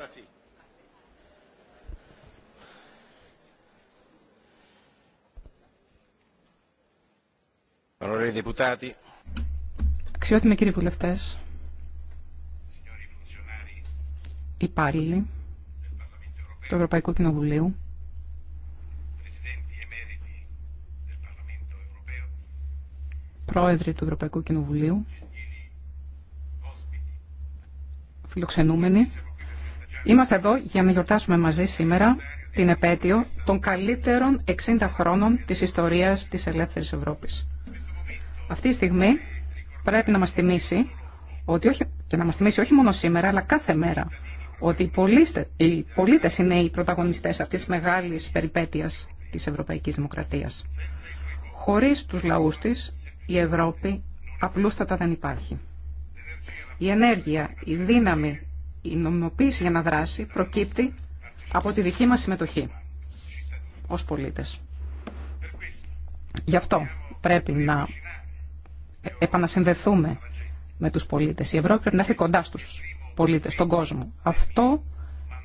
Ahora sí. Αξιότιμοι κύριοι βουλευτέ, υπάλληλοι του Ευρωπαϊκού Κοινοβουλίου, πρόεδροι του Ευρωπαϊκού Κοινοβουλίου, φιλοξενούμενοι, Είμαστε εδώ για να γιορτάσουμε μαζί σήμερα την επέτειο των καλύτερων 60 χρόνων της ιστορίας της ελεύθερης Ευρώπης. Αυτή η στιγμή πρέπει να μας θυμίσει ότι όχι, και να μας θυμίσει όχι μόνο σήμερα αλλά κάθε μέρα ότι οι πολίτες, οι πολίτες είναι οι πρωταγωνιστές αυτής της μεγάλης περιπέτειας της Ευρωπαϊκής Δημοκρατίας. Χωρίς τους λαούς της η Ευρώπη απλούστατα δεν υπάρχει. Η ενέργεια, η δύναμη, η νομιμοποίηση για να δράσει προκύπτει από τη δική μας συμμετοχή ως πολίτες. Γι' αυτό πρέπει να επανασυνδεθούμε με τους πολίτες. Η Ευρώπη πρέπει να έρθει κοντά στους πολίτες, στον κόσμο. Αυτό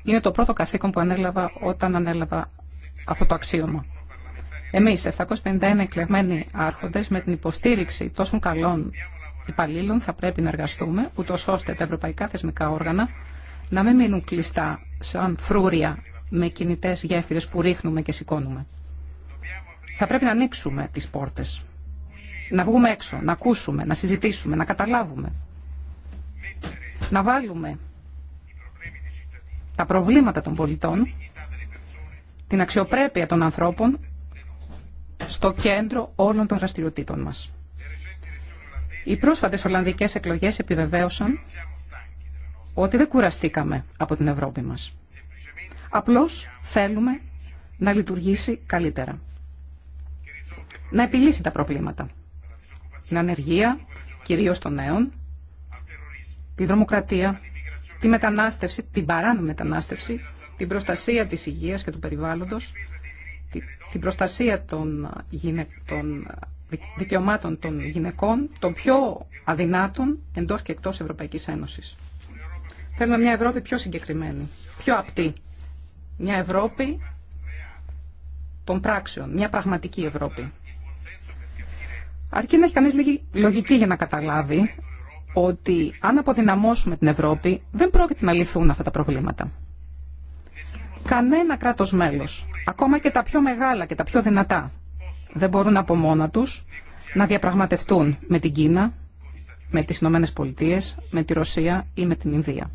είναι το πρώτο καθήκον που ανέλαβα όταν ανέλαβα αυτό το αξίωμα. Εμείς, 751 εκλεγμένοι άρχοντες, με την υποστήριξη τόσων καλών υπαλλήλων θα πρέπει να εργαστούμε, ούτω ώστε τα ευρωπαϊκά θεσμικά όργανα να μην μείνουν κλειστά σαν φρούρια με κινητές γέφυρες που ρίχνουμε και σηκώνουμε. Θα πρέπει να ανοίξουμε τις πόρτες, να βγούμε έξω, να ακούσουμε, να συζητήσουμε, να καταλάβουμε, να βάλουμε τα προβλήματα των πολιτών, την αξιοπρέπεια των ανθρώπων στο κέντρο όλων των δραστηριοτήτων μας. Οι πρόσφατες Ολλανδικές εκλογές επιβεβαίωσαν ότι δεν κουραστήκαμε από την Ευρώπη μας. Απλώς θέλουμε να λειτουργήσει καλύτερα. Να επιλύσει τα προβλήματα. Την ανεργία, κυρίως των νέων, τη δρομοκρατία, τη μετανάστευση, την παράνομη μετανάστευση, την προστασία της υγείας και του περιβάλλοντος, την προστασία των, γυναικών, δικαιωμάτων των γυναικών, των πιο αδυνάτων εντός και εκτός Ευρωπαϊκής Ένωσης. Θέλουμε μια Ευρώπη πιο συγκεκριμένη, πιο απτή. Μια Ευρώπη των πράξεων, μια πραγματική Ευρώπη. Αρκεί να έχει κανείς λίγη λογική για να καταλάβει ότι αν αποδυναμώσουμε την Ευρώπη δεν πρόκειται να λυθούν αυτά τα προβλήματα. Κανένα κράτος μέλος, ακόμα και τα πιο μεγάλα και τα πιο δυνατά, δεν μπορούν από μόνα τους να διαπραγματευτούν με την Κίνα, με τις Ηνωμένες Πολιτείες, με τη Ρωσία ή με την Ινδία.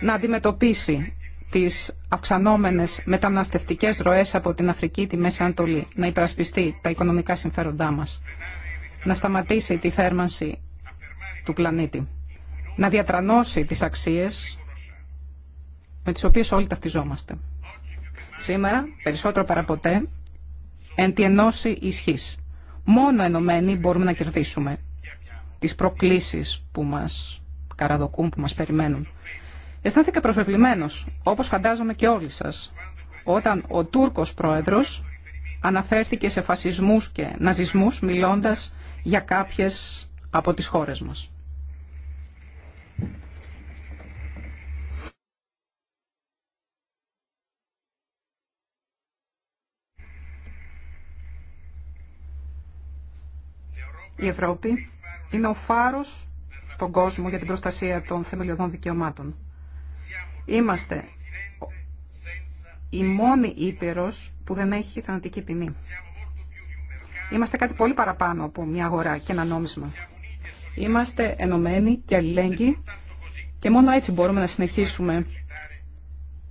Να αντιμετωπίσει τις αυξανόμενες μεταναστευτικές ροές από την Αφρική τη Μέση Ανατολή, να υπερασπιστεί τα οικονομικά συμφέροντά μας, να σταματήσει τη θέρμανση του πλανήτη, να διατρανώσει τις αξίες με τις οποίες όλοι ταυτιζόμαστε. Σήμερα, περισσότερο παραποτέ, εν τη ενώση ισχύς. Μόνο ενωμένοι μπορούμε να κερδίσουμε τις προκλήσεις που μας καραδοκούν, που μας περιμένουν. Αισθάνθηκα προσβεβλημένος, όπως φαντάζομαι και όλοι σας, όταν ο Τούρκος πρόεδρος αναφέρθηκε σε φασισμούς και ναζισμούς, μιλώντας για κάποιες από τις χώρες μας. Η Ευρώπη είναι ο φάρος στον κόσμο για την προστασία των θεμελιωδών δικαιωμάτων. Είμαστε η μόνη ήπειρος που δεν έχει θανατική ποινή. Είμαστε κάτι πολύ παραπάνω από μια αγορά και ένα νόμισμα. Είμαστε ενωμένοι και αλληλέγγυοι και μόνο έτσι μπορούμε να συνεχίσουμε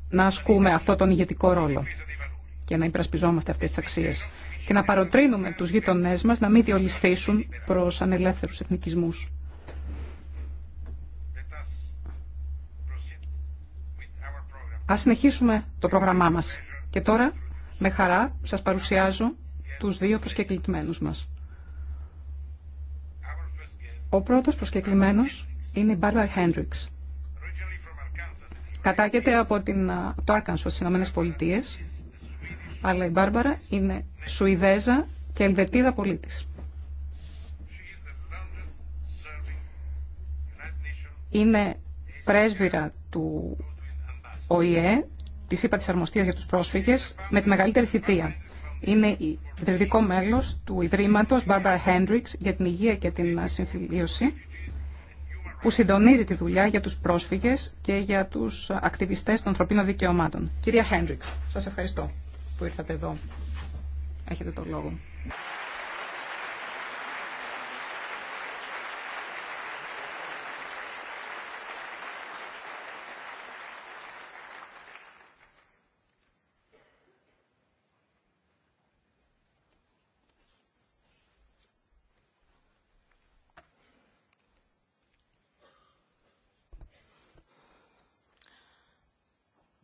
να ασκούμε αυτό τον ηγετικό ρόλο και να υπερασπιζόμαστε αυτές τις αξίες και να παροτρύνουμε τους γείτονές μας να μην διολυστήσουν προς ανελεύθερους εθνικισμούς. Ας συνεχίσουμε το πρόγραμμά μας. Και τώρα, με χαρά, σας παρουσιάζω τους δύο προσκεκλητμένους μας. Ο πρώτος προσκεκλημένος είναι η Μπάρμπαρ Χέντριξ. Κατάγεται από την, το Άρκανσο στις Ηνωμένες Πολιτείες, αλλά η Μπάρμπαρα είναι Σουηδέζα και Ελβετίδα πολίτης. Είναι πρέσβυρα του ΟΗΕ, της ΥΠΑ της Αρμοστίας για τους πρόσφυγες, με τη μεγαλύτερη θητεία. Είναι ιδρυτικό μέλος του Ιδρύματος Barbara Hendricks για την υγεία και την συμφιλίωση, που συντονίζει τη δουλειά για τους πρόσφυγες και για τους ακτιβιστές των ανθρωπίνων δικαιωμάτων. Κυρία Hendricks, σας ευχαριστώ που ήρθατε εδώ Έχετε το λόγο.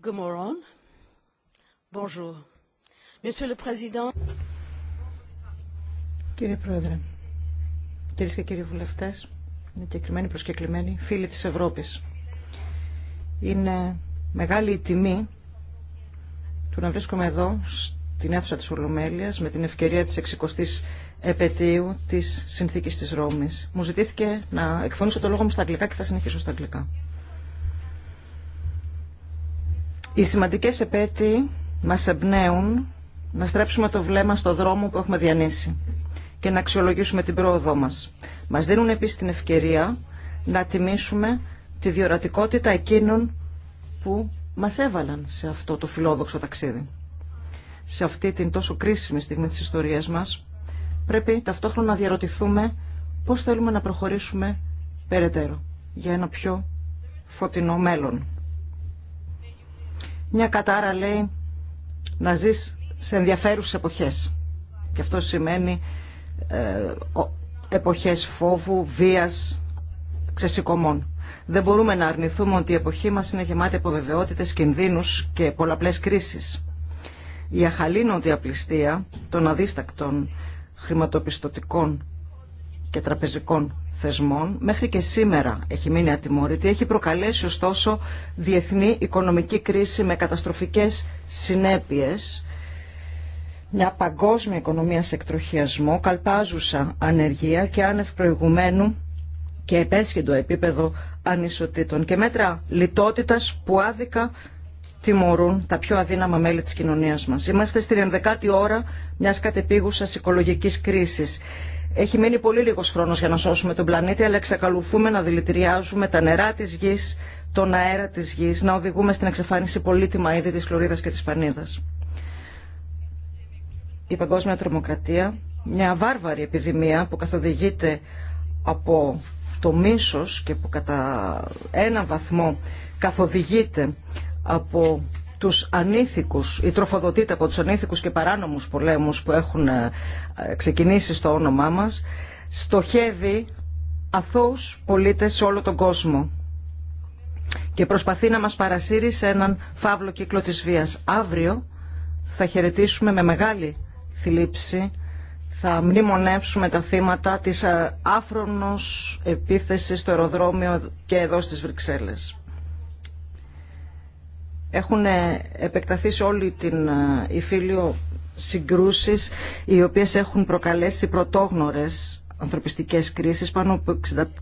Good morning. Bonjour. Κύριε Πρόεδρε, κυρίε και κύριοι βουλευτέ, εγκεκριμένοι προσκεκλημένοι, φίλοι τη Ευρώπη, είναι μεγάλη η τιμή του να βρίσκομαι εδώ στην αίθουσα της ολομέλεια με την ευκαιρία της 60 η επαιτίου της Συνθήκης της Ρώμης. Μου ζητήθηκε να εκφωνήσω το λόγο μου στα αγγλικά και θα συνεχίσω στα αγγλικά. Οι σημαντικές επέτειοι μας εμπνέουν να στρέψουμε το βλέμμα στο δρόμο που έχουμε διανύσει και να αξιολογήσουμε την πρόοδό μας. Μας δίνουν επίσης την ευκαιρία να τιμήσουμε τη διορατικότητα εκείνων που μας έβαλαν σε αυτό το φιλόδοξο ταξίδι. Σε αυτή την τόσο κρίσιμη στιγμή της ιστορίας μας πρέπει ταυτόχρονα να διαρωτηθούμε πώς θέλουμε να προχωρήσουμε περαιτέρω για ένα πιο φωτεινό μέλλον. Μια κατάρα λέει να ζεις σε ενδιαφέρουσες εποχές. Και αυτό σημαίνει ε, εποχές φόβου, βίας, ξεσηκωμών. Δεν μπορούμε να αρνηθούμε ότι η εποχή μας είναι γεμάτη από βεβαιότητες, κινδύνους και πολλαπλές κρίσεις. Η αχαλήνωτη απληστία των αδίστακτων χρηματοπιστωτικών και τραπεζικών θεσμών μέχρι και σήμερα έχει μείνει ατιμόρυτη, έχει προκαλέσει ωστόσο διεθνή οικονομική κρίση με καταστροφικές συνέπειες μια παγκόσμια οικονομία σε εκτροχιασμό, καλπάζουσα ανεργία και άνευ προηγουμένου και επέσχυντο επίπεδο ανισοτήτων και μέτρα λιτότητας που άδικα τιμωρούν τα πιο αδύναμα μέλη της κοινωνίας μας. Είμαστε στην ενδεκάτη ώρα μιας κατεπίγουσας οικολογικής κρίσης. Έχει μείνει πολύ λίγος χρόνος για να σώσουμε τον πλανήτη, αλλά εξακολουθούμε να δηλητηριάζουμε τα νερά της γης, τον αέρα της γης, να οδηγούμε στην εξαφάνιση πολύτιμα είδη της χλωρίδας και της πανίδας η παγκόσμια τρομοκρατία, μια βάρβαρη επιδημία που καθοδηγείται από το μίσος και που κατά ένα βαθμό καθοδηγείται από τους ανήθικους ή τροφοδοτείται από τους ανήθικους και παράνομους πολέμους που έχουν ε, ξεκινήσει στο όνομά μας, στοχεύει αθώους πολίτες σε όλο τον κόσμο και προσπαθεί να μας παρασύρει σε έναν φαύλο κύκλο της βίας. Αύριο θα χαιρετήσουμε με μεγάλη θλίψη θα μνημονεύσουμε τα θύματα της ε, άφρονος επίθεσης στο αεροδρόμιο και εδώ στις Βρυξέλλες. Έχουν ε, επεκταθεί σε όλη την υφήλιο ε, συγκρούσεις οι οποίες έχουν προκαλέσει πρωτόγνωρες ανθρωπιστικές κρίσεις. Πάνω από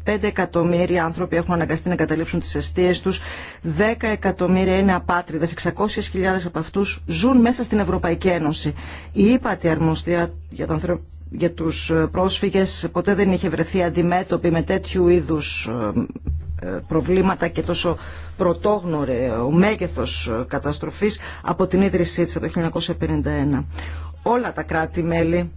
65 εκατομμύρια άνθρωποι έχουν αναγκαστεί να καταλήψουν τις αιστείες τους. 10 εκατομμύρια είναι απάτριδες. 600.000 από αυτούς ζουν μέσα στην Ευρωπαϊκή Ένωση. Η ύπατη αρμοστία για, για τους ε, πρόσφυγες ποτέ δεν είχε βρεθεί αντιμέτωπη με τέτοιου είδους ε, ε, προβλήματα και τόσο πρωτόγνωρε ο μέγεθος καταστροφής από την ίδρυσή της από το 1951. Όλα τα κράτη-μέλη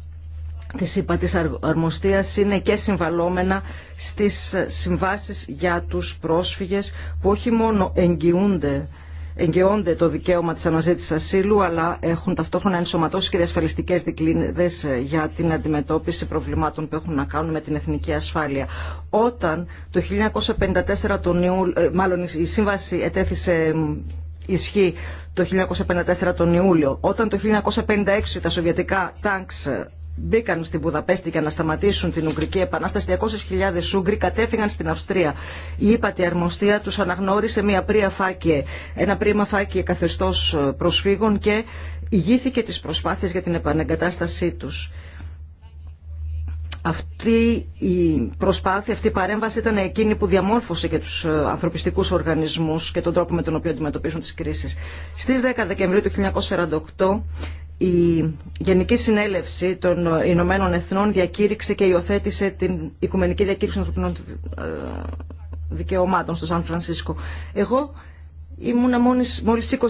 της ΥΠΑ της Αρμοστίας είναι και συμβαλόμενα στις συμβάσεις για τους πρόσφυγες που όχι μόνο εγγυούνται το δικαίωμα της αναζήτησης ασύλου αλλά έχουν ταυτόχρονα ενσωματώσει και διασφαλιστικές δικλείδες για την αντιμετώπιση προβλημάτων που έχουν να κάνουν με την εθνική ασφάλεια. Όταν το 1954 τον Ιούλ, ε, μάλλον η σύμβαση ετέθησε ισχύ το 1954 τον Ιούλιο, όταν το 1956 τα σοβιετικά τάγκς μπήκαν στην Βουδαπέστη για να σταματήσουν την Ουγγρική Επανάσταση, 200.000 Ούγγροι κατέφυγαν στην Αυστρία. Η ύπατη αρμοστία του αναγνώρισε μια πρία ένα πρίμα φάκι καθεστώ ε, προσφύγων και ηγήθηκε τις προσπάθειες για την επανεγκατάστασή του. Αυτή η προσπάθεια, αυτή η παρέμβαση ήταν εκείνη που διαμόρφωσε και τους ε, ανθρωπιστικούς οργανισμούς και τον τρόπο με τον οποίο αντιμετωπίζουν τις κρίσεις. Στις 10 Δεκεμβρίου του 1948 η Γενική Συνέλευση των Ηνωμένων Εθνών διακήρυξε και υιοθέτησε την Οικουμενική Διακήρυξη των Ανθρωπινών Δικαιωμάτων στο Σαν Φρανσίσκο. Εγώ ήμουνα μόλις,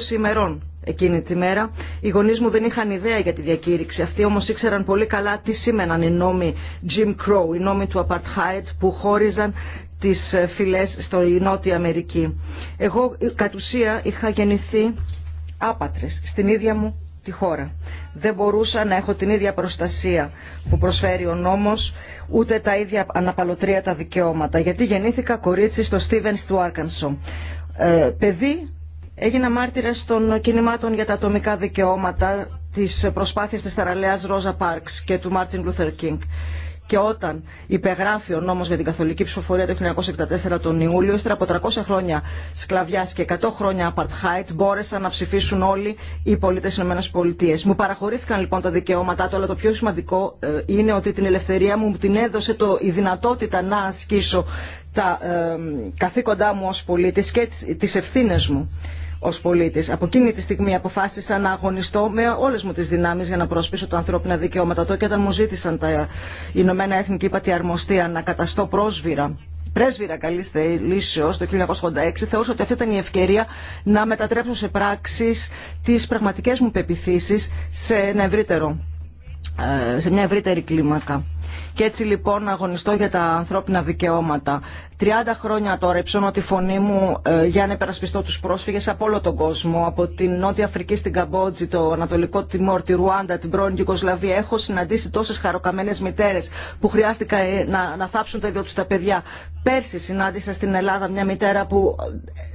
20 ημερών εκείνη τη μέρα. Οι γονείς μου δεν είχαν ιδέα για τη διακήρυξη αυτή, όμως ήξεραν πολύ καλά τι σήμαιναν οι νόμοι Jim Crow, οι νόμοι του Apartheid που χώριζαν τις φυλές στο Νότια Αμερική. Εγώ κατ' ουσία είχα γεννηθεί άπατρες στην ίδια μου τη χώρα. Δεν μπορούσα να έχω την ίδια προστασία που προσφέρει ο νόμος, ούτε τα ίδια αναπαλωτρία τα δικαιώματα, γιατί γεννήθηκα κορίτσι στο Στίβενς του Άρκανσο. Ε, παιδί έγινα μάρτυρα των κινημάτων για τα ατομικά δικαιώματα, της προσπάθειας της Ταραλέας Ρόζα Πάρξ και του Μάρτιν Λούθερ Κίνγκ και όταν υπεγράφει ο νόμος για την καθολική ψηφοφορία το 1964 τον Ιούλιο, ύστερα από 300 χρόνια σκλαβιάς και 100 χρόνια apartheid, μπόρεσαν να ψηφίσουν όλοι οι πολίτες της ΗΠΑ. Μου παραχωρήθηκαν λοιπόν τα δικαιώματά του, αλλά το πιο σημαντικό ε, είναι ότι την ελευθερία μου την έδωσε το, η δυνατότητα να ασκήσω τα ε, καθήκοντά μου ως πολίτης και τις ευθύνες μου ως πολίτης. Από εκείνη τη στιγμή αποφάσισα να αγωνιστώ με όλες μου τις δυνάμεις για να προσπίσω τα ανθρώπινα δικαιώματα. Το και όταν μου ζήτησαν τα Ηνωμένα Έθνη και αρμοστία να καταστώ πρόσβυρα πρέσβυρα καλή λύσεω το 1986, θεώρησα ότι αυτή ήταν η ευκαιρία να μετατρέψω σε πράξει τι πραγματικέ μου πεπιθήσει σε, ε, σε μια ευρύτερη κλίμακα. Και έτσι λοιπόν αγωνιστώ για τα ανθρώπινα δικαιώματα. 30 χρόνια τώρα υψώνω τη φωνή μου ε, για να υπερασπιστώ τους πρόσφυγες από όλο τον κόσμο. Από την Νότια Αφρική στην Καμπότζη, το Ανατολικό Τιμόρ, τη Ρουάντα, την πρώην Γιουγκοσλαβία. Έχω συναντήσει τόσες χαροκαμένες μητέρες που χρειάστηκα ε, να, να θάψουν τα ίδια τους τα παιδιά. Πέρσι συνάντησα στην Ελλάδα μια μητέρα που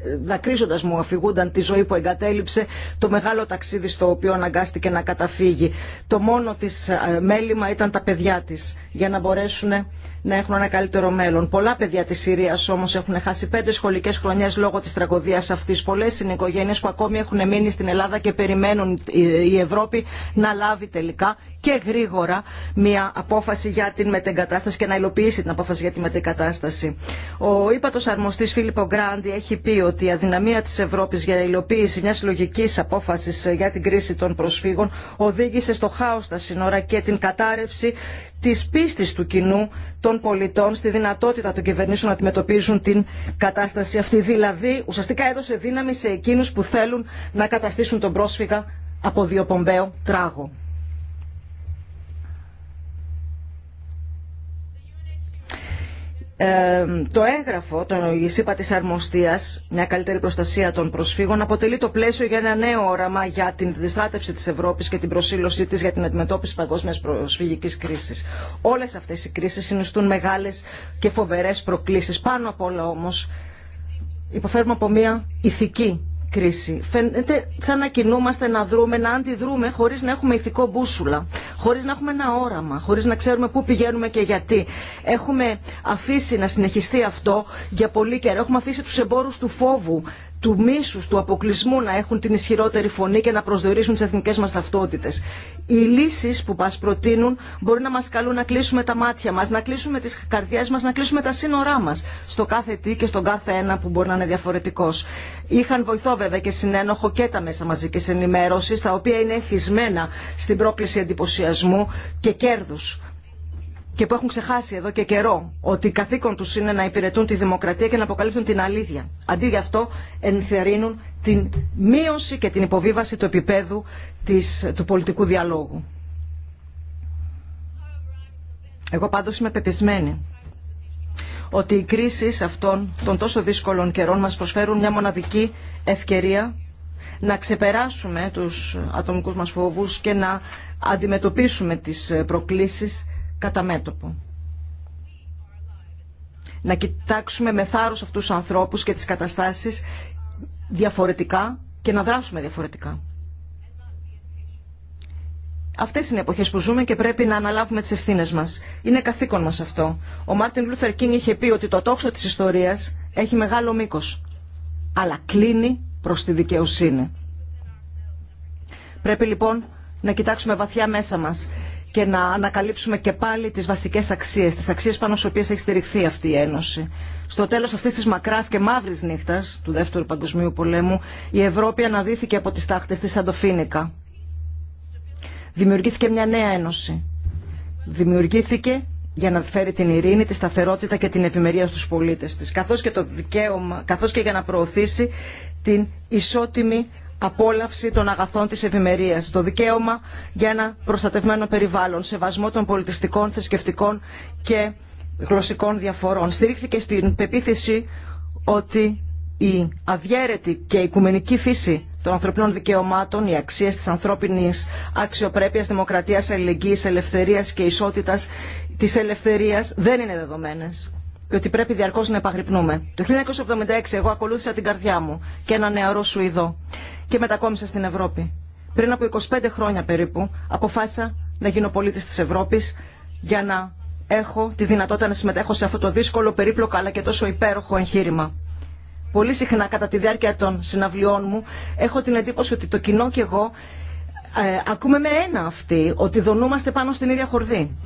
ε, δακρύζοντας μου αφηγούνταν τη ζωή που εγκατέλειψε το μεγάλο ταξίδι στο οποίο αναγκάστηκε να καταφύγει. Το μόνο της μέλημα ήταν τα παιδιά της για να μπορέσουν να έχουν ένα καλύτερο μέλλον. Πολλά παιδιά τη Συρία όμω έχουν χάσει πέντε σχολικέ χρονιέ λόγω τη τραγωδία αυτή. Πολλέ είναι οικογένειε που ακόμη έχουν μείνει στην Ελλάδα και περιμένουν η Ευρώπη να λάβει τελικά και γρήγορα μια απόφαση για την μετεγκατάσταση και να υλοποιήσει την απόφαση για την μετεγκατάσταση. Ο ύπατο αρμοστή Φίλιππο Γκράντι έχει πει ότι η αδυναμία τη Ευρώπη για υλοποίηση μια λογική απόφαση για την κρίση των προσφύγων οδήγησε στο χάο στα σύνορα και την κατάρρευση τη πίστη του κοινού των των πολιτών στη δυνατότητα των κυβερνήσεων να αντιμετωπίζουν την κατάσταση αυτή. Δηλαδή, ουσιαστικά έδωσε δύναμη σε εκείνους που θέλουν να καταστήσουν τον πρόσφυγα από διοπομπαίο τράγο. Ε, το έγγραφο, το είπα της αρμοστίας, μια καλύτερη προστασία των προσφύγων, αποτελεί το πλαίσιο για ένα νέο όραμα για την διστράτευση της Ευρώπης και την προσήλωσή της για την αντιμετώπιση παγκόσμιας προσφυγικής κρίσης. Όλες αυτές οι κρίσεις συνιστούν μεγάλες και φοβερές προκλήσεις. Πάνω απ' όλα όμως υποφέρουμε από μια ηθική κρίση. Φαίνεται σαν να κινούμαστε, να δρούμε, να αντιδρούμε χωρίς να έχουμε ηθικό μπούσουλα, χωρίς να έχουμε ένα όραμα, χωρίς να ξέρουμε πού πηγαίνουμε και γιατί. Έχουμε αφήσει να συνεχιστεί αυτό για πολύ καιρό. Έχουμε αφήσει τους εμπόρους του φόβου του μίσου, του αποκλεισμού να έχουν την ισχυρότερη φωνή και να προσδιορίσουν τι εθνικέ μα ταυτότητε. Οι λύσει που μα προτείνουν μπορεί να μα καλούν να κλείσουμε τα μάτια μα, να κλείσουμε τι καρδιέ μα, να κλείσουμε τα σύνορά μα στο κάθε τι και στον κάθε ένα που μπορεί να είναι διαφορετικό. Είχαν βοηθό βέβαια και συνένοχο και τα μέσα μαζική ενημέρωση, τα οποία είναι εθισμένα στην πρόκληση εντυπωσιασμού και κέρδου και που έχουν ξεχάσει εδώ και καιρό ότι καθήκον τους είναι να υπηρετούν τη δημοκρατία και να αποκαλύπτουν την αλήθεια. Αντί γι' αυτό ενθερίνουν την μείωση και την υποβίβαση του επίπεδου της, του πολιτικού διαλόγου. Εγώ πάντως είμαι πεπισμένη ότι οι κρίσεις αυτών των τόσο δύσκολων καιρών μας προσφέρουν μια μοναδική ευκαιρία να ξεπεράσουμε τους ατομικούς μας φόβους και να αντιμετωπίσουμε τις προκλήσεις κατά μέτωπο. Να κοιτάξουμε με θάρρος αυτούς τους ανθρώπους και τις καταστάσεις διαφορετικά και να δράσουμε διαφορετικά. Αυτές είναι οι εποχέ που ζούμε και πρέπει να αναλάβουμε τις ευθύνες μας. Είναι καθήκον μας αυτό. Ο Μάρτιν Λούθερ Κίνγκ είχε πει ότι το τόξο της ιστορίας έχει μεγάλο μήκος Αλλά κλείνει προς τη δικαιοσύνη. Πρέπει λοιπόν να κοιτάξουμε βαθιά μέσα μας και να ανακαλύψουμε και πάλι τις βασικές αξίες, τις αξίες πάνω στις οποίες έχει στηριχθεί αυτή η Ένωση. Στο τέλος αυτής της μακράς και μαύρης νύχτας του Δεύτερου Παγκοσμίου Πολέμου η Ευρώπη αναδύθηκε από τις τάχτες της Σαντοφίνικα. Δημιουργήθηκε μια νέα Ένωση. Δημιουργήθηκε για να φέρει την ειρήνη, τη σταθερότητα και την επιμερία στους πολίτες της, καθώς και, το και για να προωθήσει την ισότιμη απόλαυση των αγαθών της ευημερίας, το δικαίωμα για ένα προστατευμένο περιβάλλον, σεβασμό των πολιτιστικών, θρησκευτικών και γλωσσικών διαφορών. Στηρίχθηκε στην πεποίθηση ότι η αδιέρετη και οικουμενική φύση των ανθρωπινών δικαιωμάτων, οι αξίε τη ανθρώπινη αξιοπρέπεια, δημοκρατία, αλληλεγγύη, ελευθερία και ισότητα τη ελευθερία δεν είναι δεδομένε και ότι πρέπει διαρκώ να επαγρυπνούμε. Το 1976 εγώ ακολούθησα την καρδιά μου και ένα νεαρό Σουηδό και μετακόμισα στην Ευρώπη. Πριν από 25 χρόνια περίπου αποφάσισα να γίνω πολίτη τη Ευρώπη για να έχω τη δυνατότητα να συμμετέχω σε αυτό το δύσκολο, περίπλοκο αλλά και τόσο υπέροχο εγχείρημα. Πολύ συχνά κατά τη διάρκεια των συναυλιών μου έχω την εντύπωση ότι το κοινό και εγώ ε, ακούμε με ένα αυτή ότι δονούμαστε πάνω στην ίδια χορδή.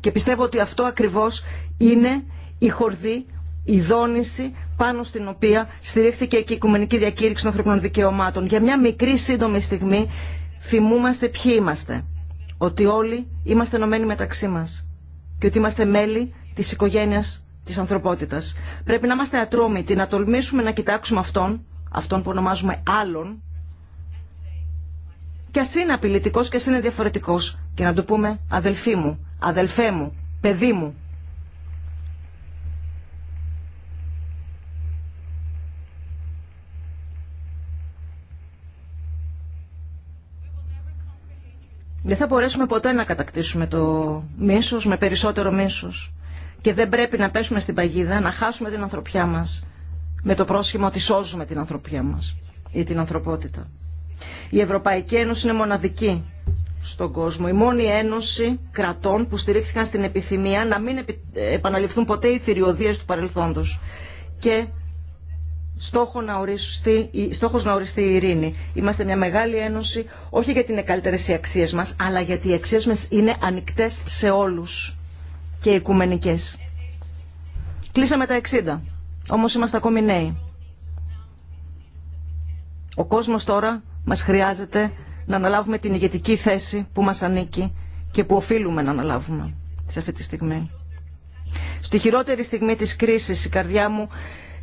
Και πιστεύω ότι αυτό ακριβώς είναι η χορδή, η δόνηση πάνω στην οποία στηρίχθηκε και η Οικουμενική Διακήρυξη των Ανθρωπινών Δικαιωμάτων. Για μια μικρή σύντομη στιγμή θυμούμαστε ποιοι είμαστε. Ότι όλοι είμαστε ενωμένοι μεταξύ μας και ότι είμαστε μέλη της οικογένειας της ανθρωπότητας. Πρέπει να είμαστε ατρόμητοι, να τολμήσουμε να κοιτάξουμε αυτόν, αυτόν που ονομάζουμε άλλον, και ας είναι απειλητικός και ας είναι διαφορετικός και να του πούμε αδελφή μου, αδελφέ μου, παιδί μου, Δεν θα μπορέσουμε ποτέ να κατακτήσουμε το μίσος με περισσότερο μίσος. Και δεν πρέπει να πέσουμε στην παγίδα, να χάσουμε την ανθρωπιά μας με το πρόσχημα ότι σώζουμε την ανθρωπιά μας ή την ανθρωπότητα. Η Ευρωπαϊκή Ένωση είναι μοναδική στον κόσμο. Η μόνη ένωση κρατών που στηρίχθηκαν στην επιθυμία να μην επαναληφθούν ποτέ οι θηριωδίες του παρελθόντος. Και στόχο να οριστεί, στόχος να οριστεί η ειρήνη. Είμαστε μια μεγάλη ένωση, όχι γιατί είναι καλύτερε οι αξίες μας, αλλά γιατί οι αξίες μα είναι ανοιχτέ σε όλου και οικουμενικέ. Κλείσαμε τα 60, Όμω είμαστε ακόμη νέοι. Ο κόσμος τώρα μας χρειάζεται να αναλάβουμε την ηγετική θέση που μας ανήκει και που οφείλουμε να αναλάβουμε σε αυτή τη στιγμή. Στη χειρότερη στιγμή της κρίσης η καρδιά μου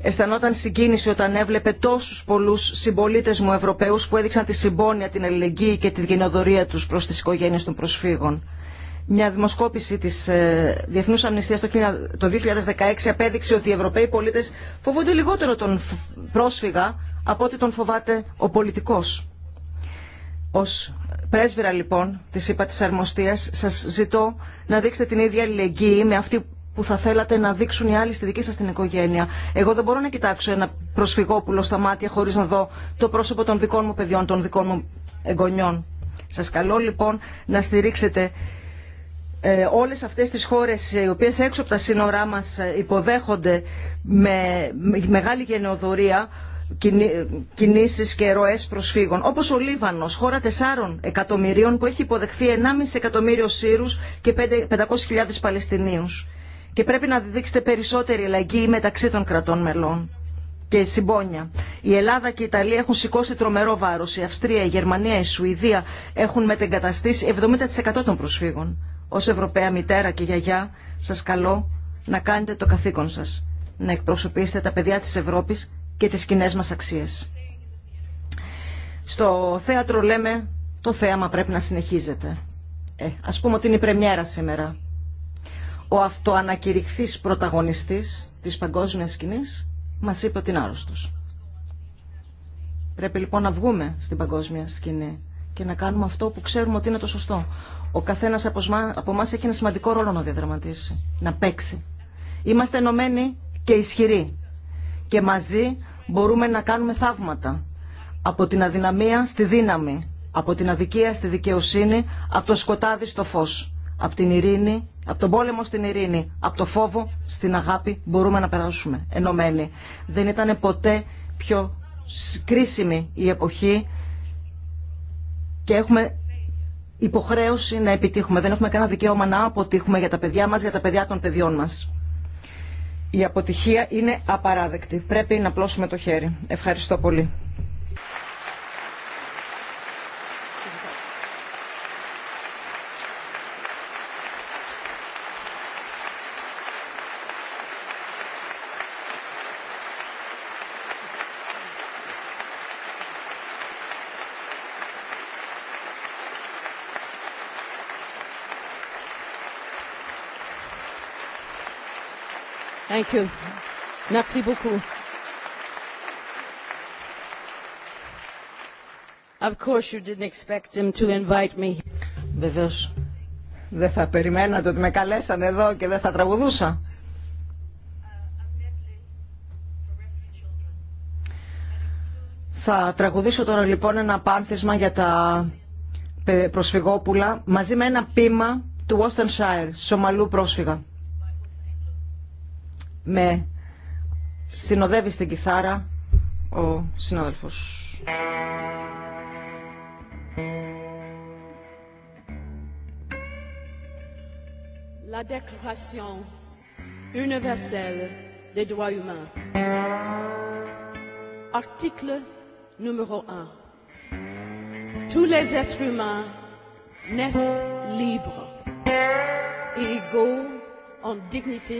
αισθανόταν συγκίνηση όταν έβλεπε τόσους πολλούς συμπολίτες μου Ευρωπαίους που έδειξαν τη συμπόνια, την αλληλεγγύη και την γενοδορία τους προς τις οικογένειες των προσφύγων. Μια δημοσκόπηση της ε, Διεθνούς Αμνηστίας το, 2016 απέδειξε ότι οι Ευρωπαίοι πολίτες φοβούνται λιγότερο τον πρόσφυγα από ότι τον φοβάται ο πολιτικός. Ως πρέσβυρα λοιπόν της ΥΠΑ της Αρμοστίας σας ζητώ να δείξετε την ίδια αλληλεγγύη με αυτή που θα θέλατε να δείξουν οι άλλοι στη δική σας την οικογένεια. Εγώ δεν μπορώ να κοιτάξω ένα προσφυγόπουλο στα μάτια χωρίς να δω το πρόσωπο των δικών μου παιδιών, των δικών μου εγγονιών. Σας καλώ λοιπόν να στηρίξετε ε, όλες αυτές τις χώρες οι οποίες έξω από τα σύνορά μας ε, υποδέχονται με μεγάλη γενεοδορία κινήσεις και ροές προσφύγων. Όπως ο Λίβανος, χώρα 4 εκατομμυρίων που έχει υποδεχθεί 1,5 εκατομμύριο Σύρους και 500.000 Παλαιστινίους και πρέπει να δείξετε περισσότερη αλλαγή μεταξύ των κρατών μελών και συμπόνια. Η Ελλάδα και η Ιταλία έχουν σηκώσει τρομερό βάρο. Η Αυστρία, η Γερμανία, η Σουηδία έχουν μετεγκαταστήσει 70% των προσφύγων. Ω Ευρωπαία μητέρα και γιαγιά, σα καλώ να κάνετε το καθήκον σα. Να εκπροσωπήσετε τα παιδιά τη Ευρώπη και τι κοινέ μα αξίε. Στο θέατρο λέμε το θέαμα πρέπει να συνεχίζεται. Ε, ας πούμε ότι είναι η πρεμιέρα σήμερα ο αυτοανακηρυχθής πρωταγωνιστής της παγκόσμιας σκηνής μας είπε ότι είναι άρρωστος. Πρέπει λοιπόν να βγούμε στην παγκόσμια σκηνή και να κάνουμε αυτό που ξέρουμε ότι είναι το σωστό. Ο καθένας από εμά έχει ένα σημαντικό ρόλο να διαδραματίσει, να παίξει. Είμαστε ενωμένοι και ισχυροί και μαζί μπορούμε να κάνουμε θαύματα. Από την αδυναμία στη δύναμη, από την αδικία στη δικαιοσύνη, από το σκοτάδι στο φως, από την ειρήνη από τον πόλεμο στην ειρήνη, από το φόβο στην αγάπη μπορούμε να περάσουμε ενωμένοι. Δεν ήταν ποτέ πιο κρίσιμη η εποχή και έχουμε υποχρέωση να επιτύχουμε. Δεν έχουμε κανένα δικαίωμα να αποτύχουμε για τα παιδιά μας, για τα παιδιά των παιδιών μας. Η αποτυχία είναι απαράδεκτη. Πρέπει να πλώσουμε το χέρι. Ευχαριστώ πολύ. Thank you. Merci beaucoup. Of course you didn't expect him to invite me. Βεβαίως. Δεν θα περιμένατε ότι με καλέσαν εδώ και δεν θα τραγουδούσα. Θα τραγουδήσω τώρα λοιπόν ένα πάνθισμα για τα προσφυγόπουλα μαζί με ένα πείμα του Western Shire, Σομαλού πρόσφυγα με συνοδεύει στην κιθάρα ο συνάδελφος. La Déclaration universelle des droits humains. Article numéro 1. Tous les êtres humains naissent libres et égaux en dignité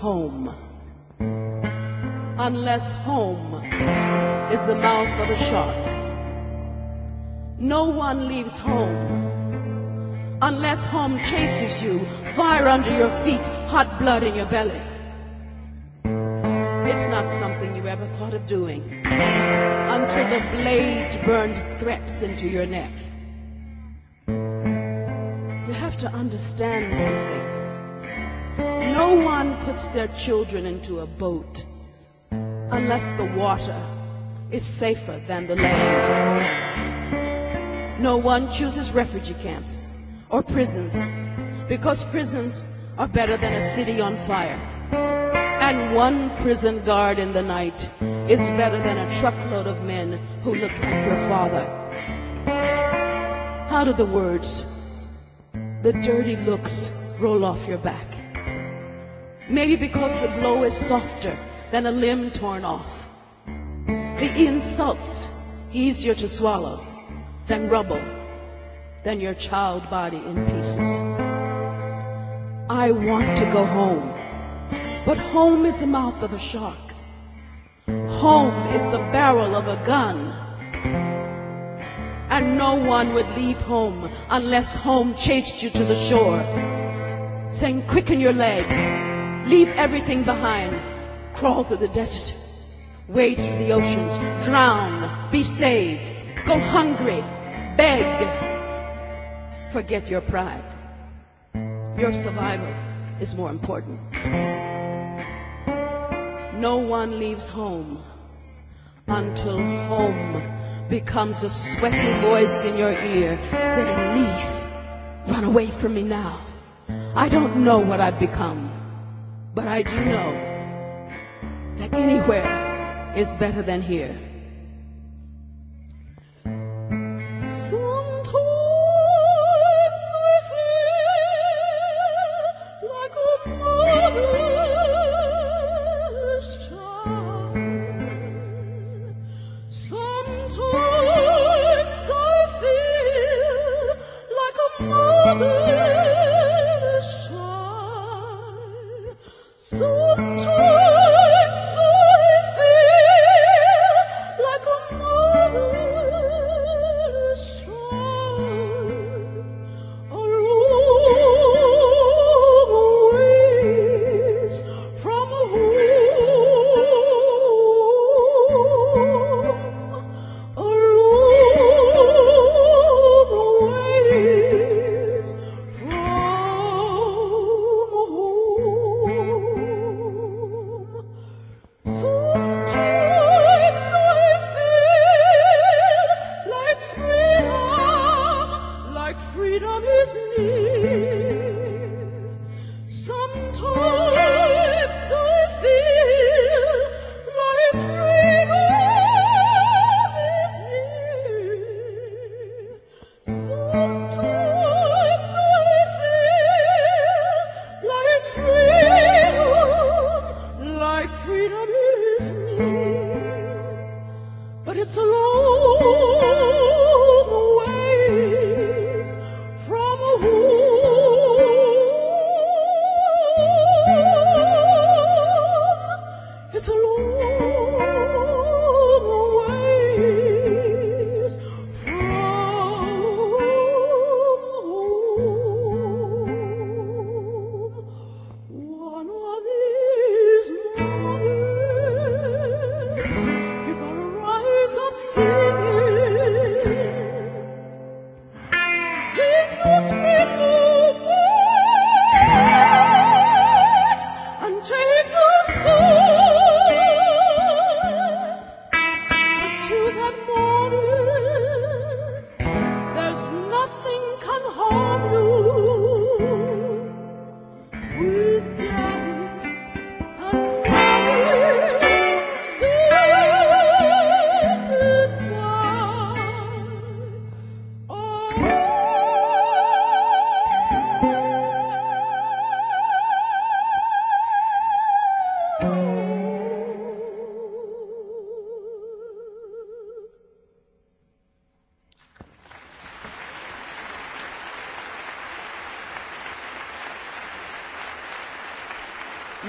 home. Unless home is the mouth of a shark. No one leaves home. Unless home chases you, fire under your feet, hot blood in your belly. It's not something you ever thought of doing until the blade burned threats into your neck. You have to understand something. No one puts their children into a boat unless the water is safer than the land. No one chooses refugee camps or prisons because prisons are better than a city on fire. And one prison guard in the night is better than a truckload of men who look like your father. How do the words, the dirty looks roll off your back? Maybe because the blow is softer than a limb torn off. The insults easier to swallow than rubble, than your child body in pieces. I want to go home, but home is the mouth of a shark. Home is the barrel of a gun. And no one would leave home unless home chased you to the shore, saying, quicken your legs Leave everything behind. Crawl through the desert. Wade through the oceans. Drown. Be saved. Go hungry. Beg. Forget your pride. Your survival is more important. No one leaves home until home becomes a sweaty voice in your ear saying, leave. Run away from me now. I don't know what I've become. But I do know that anywhere is better than here.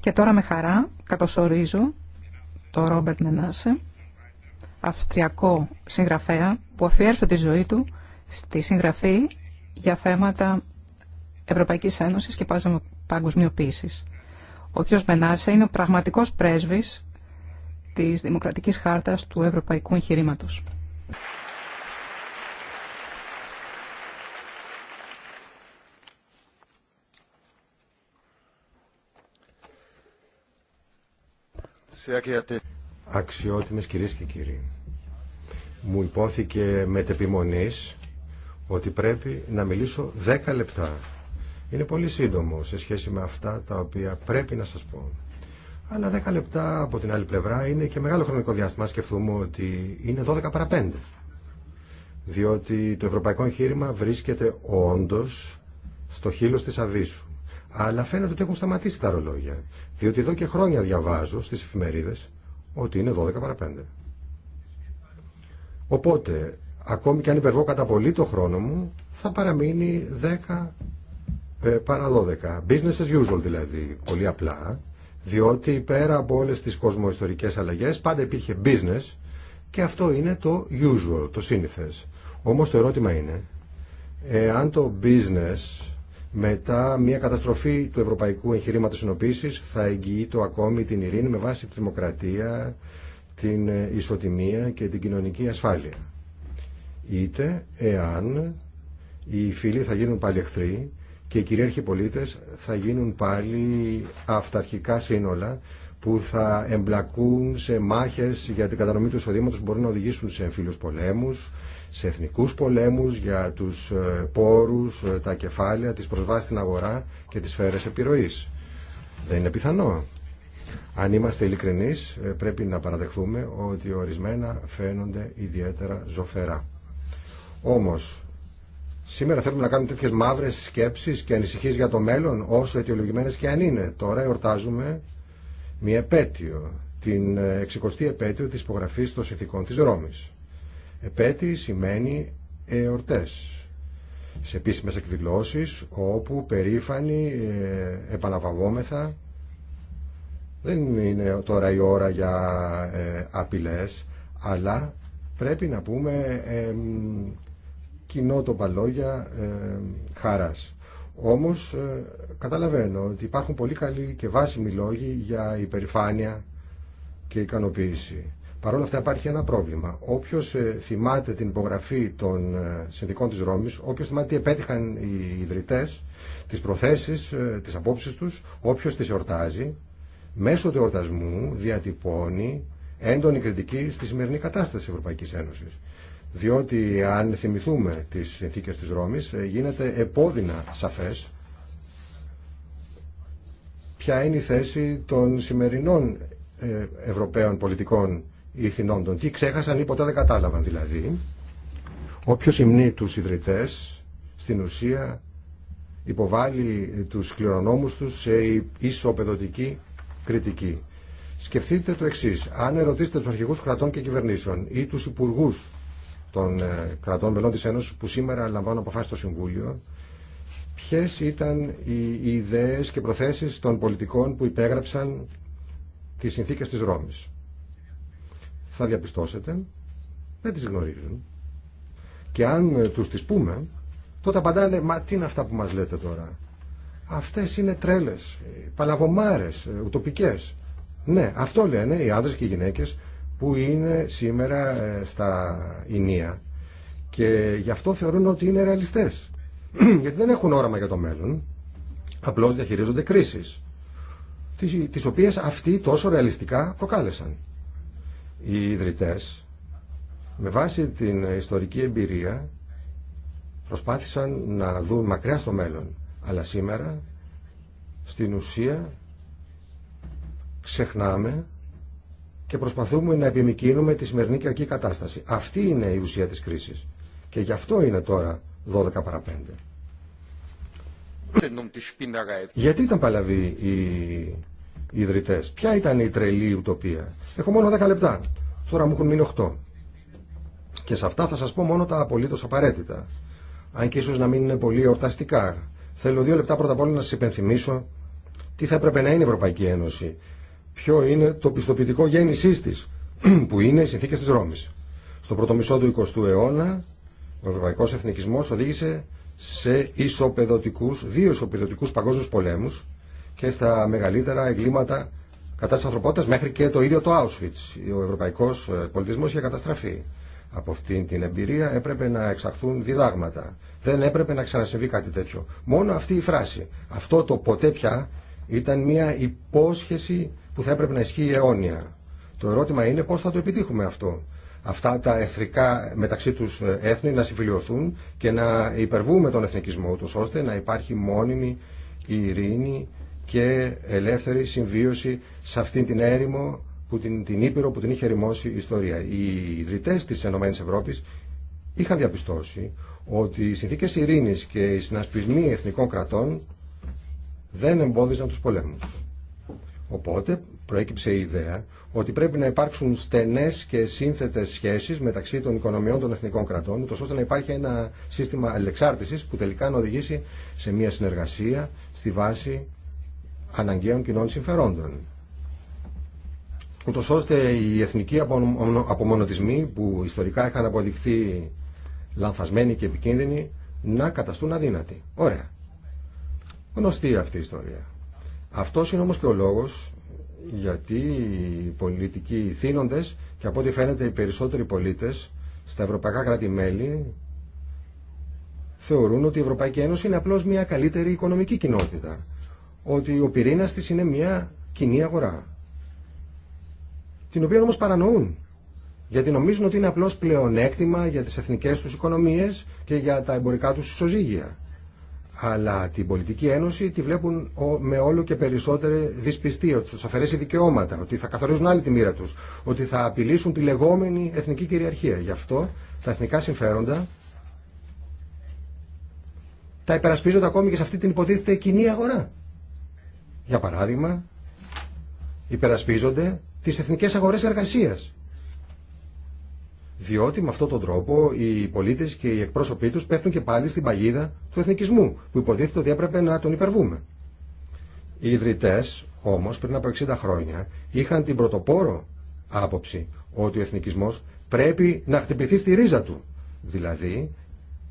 Και τώρα με χαρά κατοσορίζω τον Ρόμπερτ Νενάσε, αυστριακό συγγραφέα που αφιέρωσε τη ζωή του στη συγγραφή για θέματα Ευρωπαϊκής Ένωσης και παγκοσμιοποίησης. Ο κ. Μενάσε είναι ο πραγματικός πρέσβης της Δημοκρατικής Χάρτας του Ευρωπαϊκού Εγχειρήματος. Αξιότιμες κυρίες και κύριοι, μου υπόθηκε με τεπιμονής ότι πρέπει να μιλήσω 10 λεπτά. Είναι πολύ σύντομο σε σχέση με αυτά τα οποία πρέπει να σας πω. Αλλά 10 λεπτά από την άλλη πλευρά είναι και μεγάλο χρονικό διάστημα. Σκεφτούμε ότι είναι 12 παρα 5. Διότι το ευρωπαϊκό εγχείρημα βρίσκεται όντως στο χείλος της Αβίσου. Αλλά φαίνεται ότι έχουν σταματήσει τα ρολόγια. Διότι εδώ και χρόνια διαβάζω στις εφημερίδες ότι είναι 12 παρα 5. Οπότε, ακόμη και αν υπερβώ κατά πολύ το χρόνο μου, θα παραμείνει 10 ε, παρά 12. Business as usual δηλαδή, πολύ απλά. Διότι πέρα από όλες τις κοσμοϊστορικές αλλαγές πάντα υπήρχε business και αυτό είναι το usual, το σύνηθε. Όμως το ερώτημα είναι, εάν το business μετά μια καταστροφή του ευρωπαϊκού εγχειρήματος συνοποίησης θα εγγυεί το ακόμη την ειρήνη με βάση τη δημοκρατία, την ισοτιμία και την κοινωνική ασφάλεια. Είτε εάν οι φίλοι θα γίνουν πάλι εχθροί και οι κυρίαρχοι πολίτες θα γίνουν πάλι αυταρχικά σύνολα που θα εμπλακούν σε μάχες για την κατανομή του εισοδήματος που μπορούν να οδηγήσουν σε εμφύλους πολέμους, σε εθνικούς πολέμους για τους ε, πόρους, ε, τα κεφάλαια, τις προσβάσεις στην αγορά και τις σφαίρες επιρροής. Δεν είναι πιθανό. Αν είμαστε ειλικρινείς ε, πρέπει να παραδεχθούμε ότι ορισμένα φαίνονται ιδιαίτερα ζωφερά. Όμως Σήμερα θέλουμε να κάνουμε τέτοιες μαύρες σκέψεις και ανησυχίε για το μέλλον, όσο αιτιολογημένες και αν είναι. Τώρα εορτάζουμε μια επέτειο, την 60η επέτειο τη υπογραφή των συνθηκών της Ρώμης. Επέτη σημαίνει εορτές. Σε επίσημες εκδηλώσεις όπου περήφανοι ε, δεν είναι τώρα η ώρα για ε, απειλές, αλλά πρέπει να πούμε ε, κοινό το παλόγια χαράς. Όμως ε, καταλαβαίνω ότι υπάρχουν πολύ καλοί και βάσιμοι λόγοι για υπερηφάνεια και ικανοποίηση. Παρ' όλα αυτά υπάρχει ένα πρόβλημα. Όποιο ε, θυμάται την υπογραφή των ε, συνδικών τη Ρώμη, όποιο θυμάται τι επέτυχαν οι ιδρυτέ, τι προθέσει, ε, τι απόψει του, όποιο τι εορτάζει, μέσω του εορτασμού διατυπώνει έντονη κριτική στη σημερινή κατάσταση τη Ευρωπαϊκή Ένωση. Διότι αν θυμηθούμε τι συνθήκε τη Ρώμη, γίνεται επώδυνα σαφέ ποια είναι η θέση των σημερινών Ευρωπαίων πολιτικών τι ξέχασαν ή ποτέ δεν κατάλαβαν δηλαδή. όποιο υμνεί του ιδρυτές στην ουσία υποβάλλει τους κληρονόμους τους σε ισοπεδωτική κριτική. Σκεφτείτε το εξή. Αν ερωτήσετε του αρχηγού κρατών και κυβερνήσεων ή του υπουργού των ε, κρατών μελών τη Ένωση που σήμερα λαμβάνουν αποφάσει στο Συμβούλιο, ποιε ήταν οι ιδέε και προθέσει των πολιτικών που υπέγραψαν τι συνθήκε τη Ρώμης θα διαπιστώσετε δεν τις γνωρίζουν. Και αν ε, τους τις πούμε, τότε απαντάνε, μα τι είναι αυτά που μας λέτε τώρα. Αυτές είναι τρέλες, ε, παλαβομάρες, ε, ουτοπικές. Ναι, αυτό λένε οι άνδρες και οι γυναίκες που είναι σήμερα στα Ινία και γι' αυτό θεωρούν ότι είναι ρεαλιστές. Γιατί δεν έχουν όραμα για το μέλλον, απλώς διαχειρίζονται κρίσεις, τις οποίες αυτοί τόσο ρεαλιστικά προκάλεσαν οι ιδρυτές με βάση την ιστορική εμπειρία προσπάθησαν να δουν μακριά στο μέλλον αλλά σήμερα στην ουσία ξεχνάμε και προσπαθούμε να επιμηκύνουμε τη σημερινή κακή κατάσταση. Αυτή είναι η ουσία της κρίσης. Και γι' αυτό είναι τώρα 12 παρα 5. Γιατί ήταν παλαβή η Ποια ήταν η τρελή ουτοπία. Έχω μόνο 10 λεπτά. Τώρα μου έχουν μείνει 8. Και σε αυτά θα σα πω μόνο τα απολύτω απαραίτητα. Αν και ίσω να μην είναι πολύ εορταστικά. Θέλω δύο λεπτά πρώτα απ' όλα να σα υπενθυμίσω τι θα έπρεπε να είναι η Ευρωπαϊκή Ένωση. Ποιο είναι το πιστοποιητικό γέννησή τη, που είναι οι συνθήκε τη Ρώμη. Στο πρώτο μισό του 20ου αιώνα, ο ευρωπαϊκό εθνικισμό οδήγησε σε ισοπεδωτικούς, δύο ισοπεδωτικού παγκόσμιου πολέμου, και στα μεγαλύτερα εγκλήματα κατά τη ανθρωπότητα μέχρι και το ίδιο το Auschwitz. Ο ευρωπαϊκό ε, πολιτισμό είχε καταστραφεί. Από αυτήν την εμπειρία έπρεπε να εξαχθούν διδάγματα. Δεν έπρεπε να ξανασυμβεί κάτι τέτοιο. Μόνο αυτή η φράση. Αυτό το ποτέ πια ήταν μια υπόσχεση που θα έπρεπε να ισχύει αιώνια. Το ερώτημα είναι πώς θα το επιτύχουμε αυτό. Αυτά τα εχθρικά μεταξύ τους ε, έθνη να συμφιλειωθούν και να υπερβούμε τον εθνικισμό τους ώστε να υπάρχει μόνιμη ειρήνη και ελεύθερη συμβίωση σε αυτήν την έρημο που την, την Ήπειρο που την είχε ερημώσει η ιστορία. Οι ιδρυτές της ΕΕ είχαν διαπιστώσει ότι οι συνθήκες ειρήνης και οι συνασπισμοί εθνικών κρατών δεν εμπόδιζαν τους πολέμους. Οπότε προέκυψε η ιδέα ότι πρέπει να υπάρξουν στενές και σύνθετες σχέσεις μεταξύ των οικονομιών των εθνικών κρατών, ώστε να υπάρχει ένα σύστημα αλληλεξάρτησης που τελικά να οδηγήσει σε μια συνεργασία στη βάση αναγκαίων κοινών συμφερόντων. Ούτως ώστε οι εθνικοί απομονωτισμοί που ιστορικά είχαν αποδειχθεί λανθασμένοι και επικίνδυνοι να καταστούν αδύνατοι. Ωραία. Γνωστή αυτή η ιστορία. Αυτός είναι όμως και ο λόγος γιατί οι πολιτικοί θύνοντες και από ό,τι φαίνεται οι περισσότεροι πολίτες στα ευρωπαϊκά κράτη-μέλη θεωρούν ότι η Ευρωπαϊκή Ένωση είναι απλώς μια καλύτερη οικονομική κοινότητα ότι ο πυρήνα τη είναι μια κοινή αγορά. Την οποία όμω παρανοούν. Γιατί νομίζουν ότι είναι απλώ πλεονέκτημα για τι εθνικέ του οικονομίε και για τα εμπορικά του ισοζύγια. Αλλά την πολιτική ένωση τη βλέπουν με όλο και περισσότερη δυσπιστία, ότι θα του αφαιρέσει δικαιώματα, ότι θα καθορίζουν άλλη τη μοίρα του, ότι θα απειλήσουν τη λεγόμενη εθνική κυριαρχία. Γι' αυτό τα εθνικά συμφέροντα τα υπερασπίζονται ακόμη και σε αυτή την υποτίθεται κοινή αγορά. Για παράδειγμα, υπερασπίζονται τις εθνικές αγορές εργασίας. Διότι με αυτόν τον τρόπο οι πολίτες και οι εκπρόσωποι τους πέφτουν και πάλι στην παγίδα του εθνικισμού, που υποτίθεται ότι έπρεπε να τον υπερβούμε. Οι ιδρυτές, όμως, πριν από 60 χρόνια, είχαν την πρωτοπόρο άποψη ότι ο εθνικισμός πρέπει να χτυπηθεί στη ρίζα του. Δηλαδή,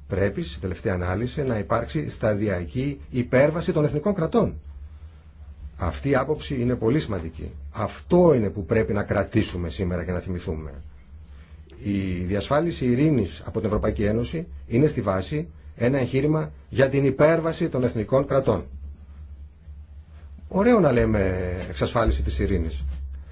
πρέπει, στη τελευταία ανάλυση, να υπάρξει σταδιακή υπέρβαση των εθνικών κρατών αυτή η άποψη είναι πολύ σημαντική. Αυτό είναι που πρέπει να κρατήσουμε σήμερα και να θυμηθούμε. Η διασφάλιση ειρήνης από την Ευρωπαϊκή Ένωση είναι στη βάση ένα εγχείρημα για την υπέρβαση των εθνικών κρατών. Ωραίο να λέμε εξασφάλιση της ειρήνης.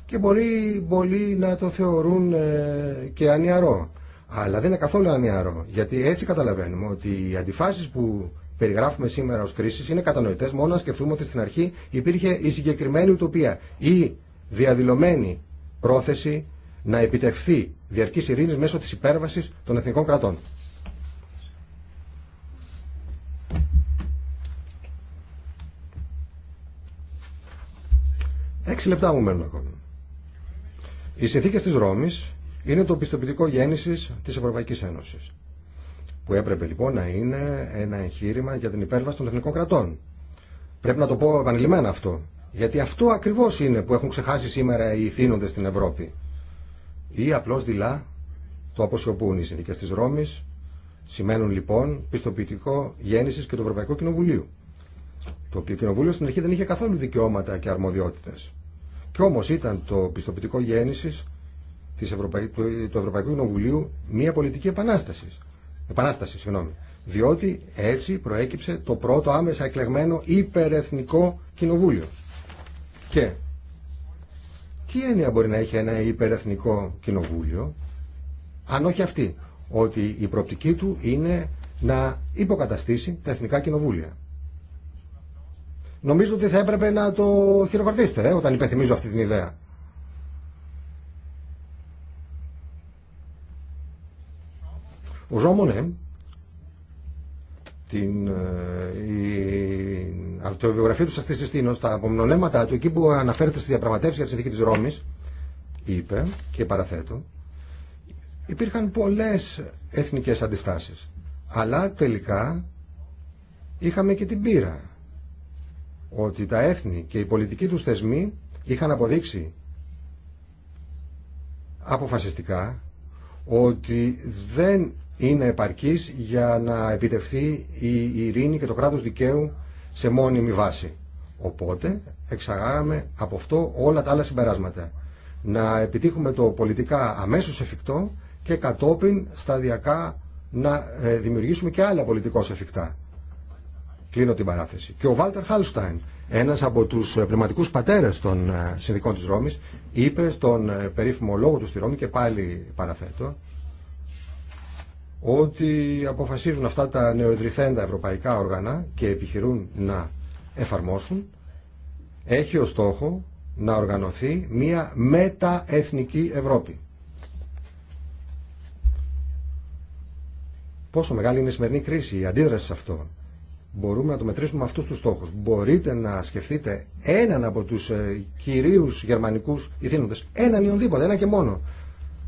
Και μπορεί πολλοί να το θεωρούν ε, και ανιαρό. Αλλά δεν είναι καθόλου ανιαρό. Γιατί έτσι καταλαβαίνουμε ότι οι αντιφάσεις που περιγράφουμε σήμερα ως κρίσεις είναι κατανοητές μόνο να σκεφτούμε ότι στην αρχή υπήρχε η συγκεκριμένη ουτοπία ή διαδηλωμένη πρόθεση να επιτευχθεί διαρκής ειρήνης μέσω της υπέρβασης των εθνικών κρατών. Έξι λεπτά μου μένουν ακόμα. Οι συνθήκε τη Ρώμη είναι το πιστοποιητικό γέννηση της Ευρωπαϊκή Ένωση που έπρεπε λοιπόν να είναι ένα εγχείρημα για την υπέρβαση των εθνικών κρατών. Πρέπει να το πω επανειλημμένα αυτό. Γιατί αυτό ακριβώ είναι που έχουν ξεχάσει σήμερα οι ηθήνοντε στην Ευρώπη. Ή απλώ δειλά το αποσιωπούν οι συνθήκε τη Ρώμη. Σημαίνουν λοιπόν πιστοποιητικό γέννηση και του Ευρωπαϊκού Κοινοβουλίου. Το οποίο κοινοβούλιο στην αρχή δεν είχε καθόλου δικαιώματα και αρμοδιότητε. Κι όμω ήταν το πιστοποιητικό γέννηση του Ευρωπαϊκού Κοινοβουλίου μια πολιτική επανάσταση επανάσταση, συγγνώμη. Διότι έτσι προέκυψε το πρώτο άμεσα εκλεγμένο υπερεθνικό κοινοβούλιο. Και τι έννοια μπορεί να έχει ένα υπερεθνικό κοινοβούλιο, αν όχι αυτή, ότι η προοπτική του είναι να υποκαταστήσει τα εθνικά κοινοβούλια. Νομίζω ότι θα έπρεπε να το χειροκροτήσετε ε, όταν υπενθυμίζω αυτή την ιδέα. Ο την, ε, η αυτοβιογραφία του Σαστή Συστήνο, στα απομνονέματα του, εκεί που αναφέρεται στη διαπραγματεύση για τη συνθήκη τη Ρώμη, είπε και παραθέτω, υπήρχαν πολλέ εθνικέ αντιστάσει. Αλλά τελικά είχαμε και την πείρα ότι τα έθνη και οι πολιτικοί τους θεσμοί είχαν αποδείξει αποφασιστικά ότι δεν είναι επαρκής για να επιτευχθεί η ειρήνη και το κράτος δικαίου σε μόνιμη βάση. Οπότε εξαγάγαμε από αυτό όλα τα άλλα συμπεράσματα. Να επιτύχουμε το πολιτικά αμέσως εφικτό και κατόπιν σταδιακά να ε, δημιουργήσουμε και άλλα πολιτικώς εφικτά. Κλείνω την παράθεση. Και ο Βάλτερ Χάλσταϊν, ένας από τους ε, πνευματικούς πατέρες των ε, συνδικών της Ρώμης, είπε στον περίφημο λόγο του στη Ρώμη και πάλι παραθέτω ότι αποφασίζουν αυτά τα νεοεδρυθέντα ευρωπαϊκά όργανα και επιχειρούν να εφαρμόσουν έχει ως στόχο να οργανωθεί μία μεταεθνική Ευρώπη. Πόσο μεγάλη είναι η σημερινή κρίση, η αντίδραση σε αυτό. Μπορούμε να το μετρήσουμε με αυτούς τους στόχους. Μπορείτε να σκεφτείτε έναν από τους ε, κυρίους γερμανικούς ηθήνοντες. Έναν ή ένα και μόνο.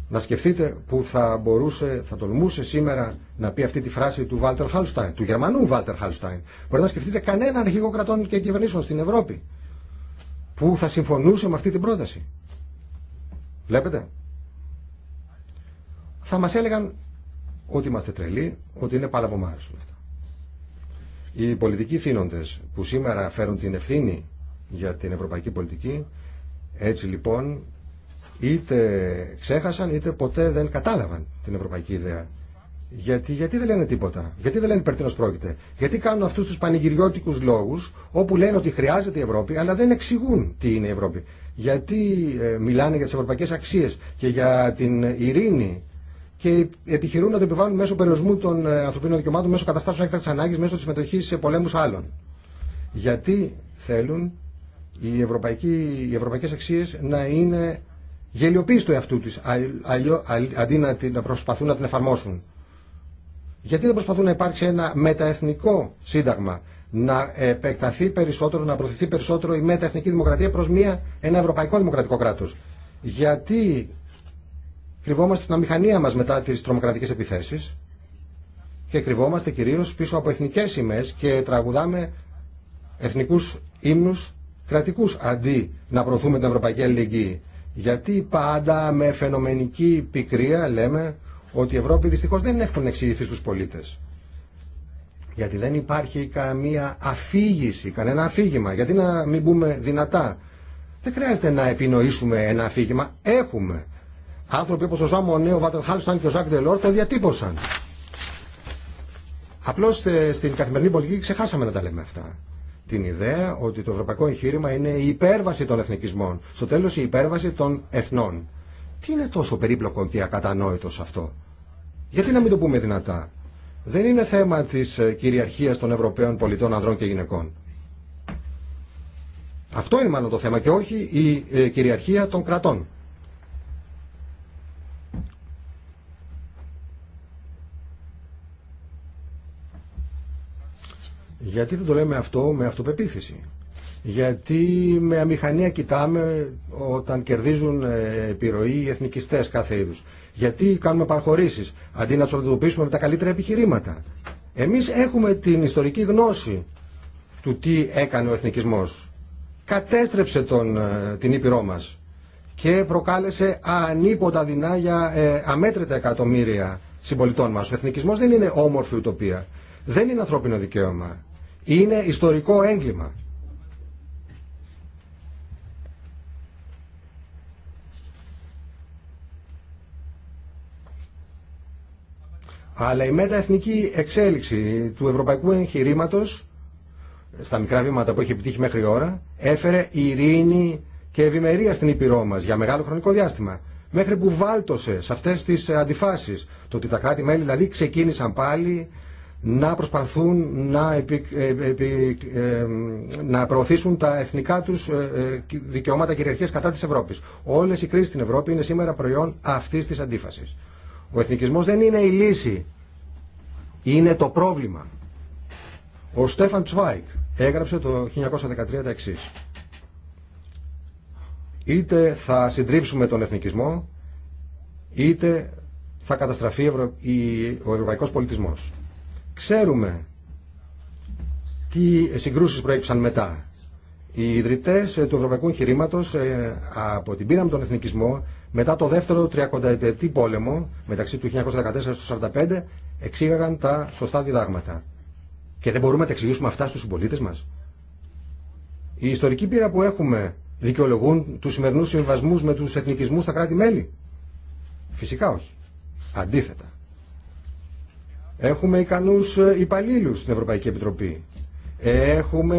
Να σκεφτείτε που θα μπορούσε, θα τολμούσε σήμερα να πει αυτή τη φράση του Βάλτερ Χάλσταϊν, του Γερμανού Βάλτερ Χάλσταϊν. Μπορείτε να σκεφτείτε κανέναν αρχηγό κρατών και κυβερνήσεων στην Ευρώπη που θα συμφωνούσε με αυτή την πρόταση. Βλέπετε. Θα μας έλεγαν ότι είμαστε τρελοί, ότι είναι πάλα όλα αυτά. Οι πολιτικοί θύνοντες που σήμερα φέρουν την ευθύνη για την ευρωπαϊκή πολιτική, έτσι λοιπόν είτε ξέχασαν είτε ποτέ δεν κατάλαβαν την ευρωπαϊκή ιδέα. Γιατί, γιατί δεν λένε τίποτα, γιατί δεν λένε περί πρόκειται, γιατί κάνουν αυτού του πανηγυριώτικου λόγου όπου λένε ότι χρειάζεται η Ευρώπη αλλά δεν εξηγούν τι είναι η Ευρώπη. Γιατί ε, μιλάνε για τι ευρωπαϊκέ αξίε και για την ειρήνη και επιχειρούν να το επιβάλλουν μέσω περιορισμού των ε, ανθρωπίνων δικαιωμάτων, μέσω καταστάσεων έκτακτη ανάγκη, μέσω τη συμμετοχή σε πολέμου άλλων. Γιατί θέλουν οι, οι να είναι γελιοποίηση του εαυτού της αντί να, την, προσπαθούν να την εφαρμόσουν. Γιατί δεν προσπαθούν να υπάρξει ένα μεταεθνικό σύνταγμα, να επεκταθεί περισσότερο, να προωθηθεί περισσότερο η μεταεθνική δημοκρατία προς ένα ευρωπαϊκό δημοκρατικό κράτος. Γιατί κρυβόμαστε στην αμηχανία μας μετά τις τρομοκρατικές επιθέσεις και κρυβόμαστε κυρίως πίσω από εθνικές σημαίες και τραγουδάμε εθνικούς ύμνους κρατικού αντί να προωθούμε την ευρωπαϊκή αλληλεγγύη. Γιατί πάντα με φαινομενική πικρία λέμε ότι η Ευρώπη δυστυχώς δεν είναι να εξηγηθεί στους πολίτες. Γιατί δεν υπάρχει καμία αφήγηση, κανένα αφήγημα. Γιατί να μην μπούμε δυνατά. Δεν χρειάζεται να επινοήσουμε ένα αφήγημα. Έχουμε. Άνθρωποι όπως ο Ζάμο Νέο, ο Βάτερ και ο Ζάκ Δελόρ το διατύπωσαν. Απλώς ε, στην καθημερινή πολιτική ξεχάσαμε να τα λέμε αυτά την ιδέα ότι το ευρωπαϊκό εγχείρημα είναι η υπέρβαση των εθνικισμών. Στο τέλος η υπέρβαση των εθνών. Τι είναι τόσο περίπλοκο και ακατανόητο σε αυτό. Γιατί να μην το πούμε δυνατά. Δεν είναι θέμα της ε, κυριαρχίας των Ευρωπαίων πολιτών ανδρών και γυναικών. Αυτό είναι μάλλον το θέμα και όχι η ε, κυριαρχία των κρατών. Γιατί δεν το λέμε αυτό με αυτοπεποίθηση. Γιατί με αμηχανία κοιτάμε όταν κερδίζουν ε, επιρροή οι εθνικιστές κάθε είδους. Γιατί κάνουμε παραχωρήσεις αντί να τους αντιμετωπίσουμε με τα καλύτερα επιχειρήματα. Εμείς έχουμε την ιστορική γνώση του τι έκανε ο εθνικισμός. Κατέστρεψε τον, ε, την Ήπειρό μας και προκάλεσε ανίποτα δεινά για ε, αμέτρητα εκατομμύρια συμπολιτών μας. Ο εθνικισμός δεν είναι όμορφη ουτοπία. Δεν είναι ανθρώπινο δικαίωμα. Είναι ιστορικό έγκλημα. Αλλά η μεταεθνική εξέλιξη του ευρωπαϊκού εγχειρήματο στα μικρά βήματα που έχει επιτύχει μέχρι ώρα έφερε ειρήνη και ευημερία στην Ήπειρό μα για μεγάλο χρονικό διάστημα. Μέχρι που βάλτωσε σε αυτέ τι αντιφάσει. Το ότι τα κράτη-μέλη δηλαδή ξεκίνησαν πάλι να προσπαθούν να, ε, ε, να προωθήσουν τα εθνικά τους ε, ε δικαιώματα κυριαρχίας κατά της Ευρώπης. Όλες οι κρίσεις στην Ευρώπη είναι σήμερα προϊόν αυτής της αντίφασης. Ο εθνικισμός δεν είναι η λύση, είναι το πρόβλημα. Ο Στέφαν Τσβάικ έγραψε το 1913 τα εξή. Είτε θα συντρίψουμε τον εθνικισμό, είτε θα καταστραφεί ο ευρωπαϊκός πολιτισμός. Ξέρουμε τι συγκρούσεις προέκυψαν μετά. Οι ιδρυτές ε, του ευρωπαϊκού εγχειρήματο ε, από την πείρα με τον εθνικισμό μετά το δεύτερο πόλεμο μεταξύ του 1914 του 1945 εξήγαγαν τα σωστά διδάγματα. Και δεν μπορούμε να τα εξηγήσουμε αυτά στους συμπολίτε μας. Η ιστορική πείρα που έχουμε δικαιολογούν τους σημερινούς συμβασμούς με τους εθνικισμούς στα κράτη-μέλη. Φυσικά όχι. Αντίθετα. Έχουμε ικανούς ε, υπαλλήλους στην Ευρωπαϊκή Επιτροπή. Έχουμε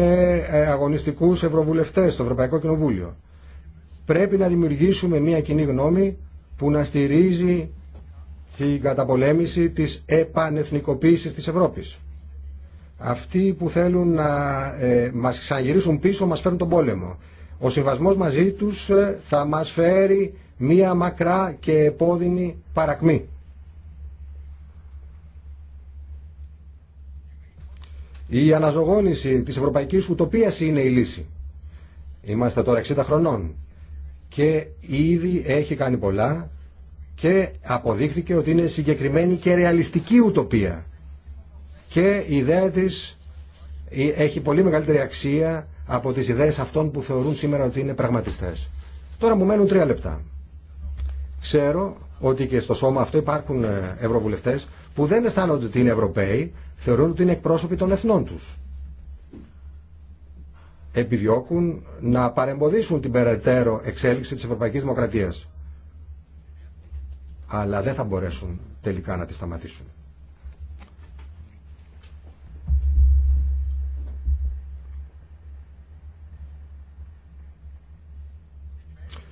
ε, αγωνιστικούς ευρωβουλευτές στο Ευρωπαϊκό Κοινοβούλιο. Πρέπει να δημιουργήσουμε μια κοινή γνώμη που να στηρίζει την καταπολέμηση της επανεθνικοποίησης της Ευρώπης. Αυτοί που θέλουν να ε, μας ξαναγυρίσουν πίσω μας φέρνουν τον πόλεμο. Ο συμβασμός μαζί τους θα μας φέρει μία μακρά και επώδυνη παρακμή. Η αναζωγόνηση της ευρωπαϊκής Ουτοπία είναι η λύση. Είμαστε τώρα 60 χρονών και ήδη έχει κάνει πολλά και αποδείχθηκε ότι είναι συγκεκριμένη και ρεαλιστική ουτοπία. Και η ιδέα της ε, έχει πολύ μεγαλύτερη αξία από τις ιδέες αυτών που θεωρούν σήμερα ότι είναι πραγματιστές. Τώρα μου μένουν τρία λεπτά. Ξέρω ότι και στο σώμα αυτό υπάρχουν ε, ευρωβουλευτέ που δεν αισθάνονται ότι είναι Ευρωπαίοι θεωρούν ότι είναι εκπρόσωποι των εθνών τους. Επιδιώκουν να παρεμποδίσουν την περαιτέρω εξέλιξη της Ευρωπαϊκής Δημοκρατίας. Αλλά δεν θα μπορέσουν τελικά να τη σταματήσουν.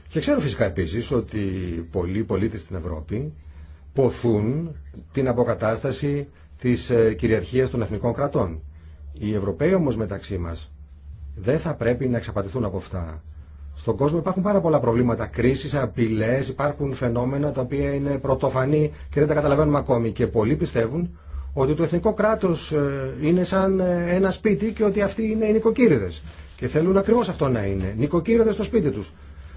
Και ξέρω φυσικά επίσης ότι πολλοί πολίτες στην Ευρώπη ποθούν την αποκατάσταση της ε, κυριαρχία των εθνικών κρατών. Οι Ευρωπαίοι όμω μεταξύ μα δεν θα πρέπει να εξαπατηθούν από αυτά. Στον κόσμο υπάρχουν πάρα πολλά προβλήματα, Κρίσει, απειλέ, υπάρχουν φαινόμενα τα οποία είναι πρωτοφανή και δεν τα καταλαβαίνουμε ακόμη. Και πολλοί πιστεύουν ότι το εθνικό κράτος ε, είναι σαν ε, ένα σπίτι και ότι αυτοί είναι οι νοικοκύριδε. Και θέλουν ακριβώ αυτό να είναι. Νοικοκύριδε στο σπίτι του,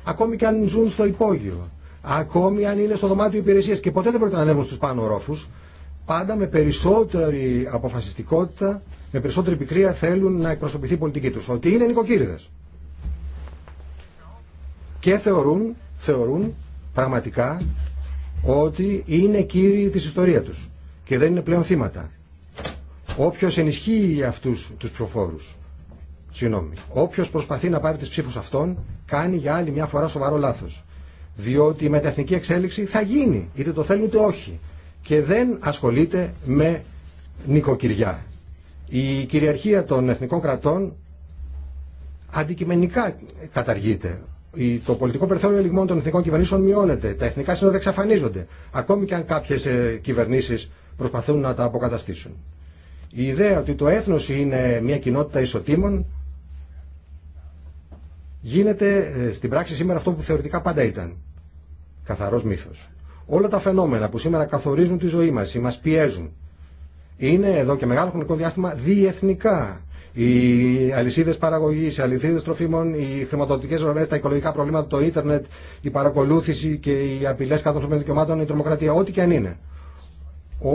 Ακόμη και αν ζουν στο υπόγειο. Ακόμη αν είναι στο δωμάτιο υπηρεσία και ποτέ δεν πρόκειται να ανέβουν στου πάνω ρόφου, πάντα με περισσότερη αποφασιστικότητα, με περισσότερη πικρία θέλουν να εκπροσωπηθεί η πολιτική τους. Ότι είναι νοικοκύριδες. Και θεωρούν, θεωρούν πραγματικά ότι είναι κύριοι της ιστορίας τους και δεν είναι πλέον θύματα. Όποιος ενισχύει αυτούς τους προφόρους, συγγνώμη, όποιος προσπαθεί να πάρει τις ψήφους αυτών, κάνει για άλλη μια φορά σοβαρό λάθος. Διότι η μεταεθνική εξέλιξη θα γίνει, είτε το θέλουν είτε όχι και δεν ασχολείται με νοικοκυριά. Η κυριαρχία των εθνικών κρατών αντικειμενικά καταργείται. Το πολιτικό περιθώριο λιγμών των εθνικών κυβερνήσεων μειώνεται. Τα εθνικά σύνορα εξαφανίζονται. Ακόμη και αν κάποιε κυβερνήσει προσπαθούν να τα αποκαταστήσουν. Η ιδέα ότι το έθνος είναι μια κοινότητα ισοτήμων γίνεται ε, στην πράξη σήμερα αυτό που θεωρητικά πάντα ήταν. Καθαρός μύθος. Όλα τα φαινόμενα που σήμερα καθορίζουν τη ζωή μας ή μας πιέζουν είναι εδώ και μεγάλο χρονικό διάστημα διεθνικά. Οι αλυσίδε παραγωγή, οι αλυσίδε τροφίμων, οι χρηματοδοτικέ ροέ, τα οικολογικά προβλήματα, το ίντερνετ, η μας πιεζουν ειναι εδω και μεγαλο χρονικο διαστημα διεθνικα οι αλυσιδε παραγωγη οι αλυσιδε τροφιμων οι χρηματοδοτικε ρομε τα οικολογικα προβληματα το ιντερνετ η παρακολουθηση και οι απειλέ κατά των δικαιωμάτων, η τρομοκρατία, ό,τι και αν είναι.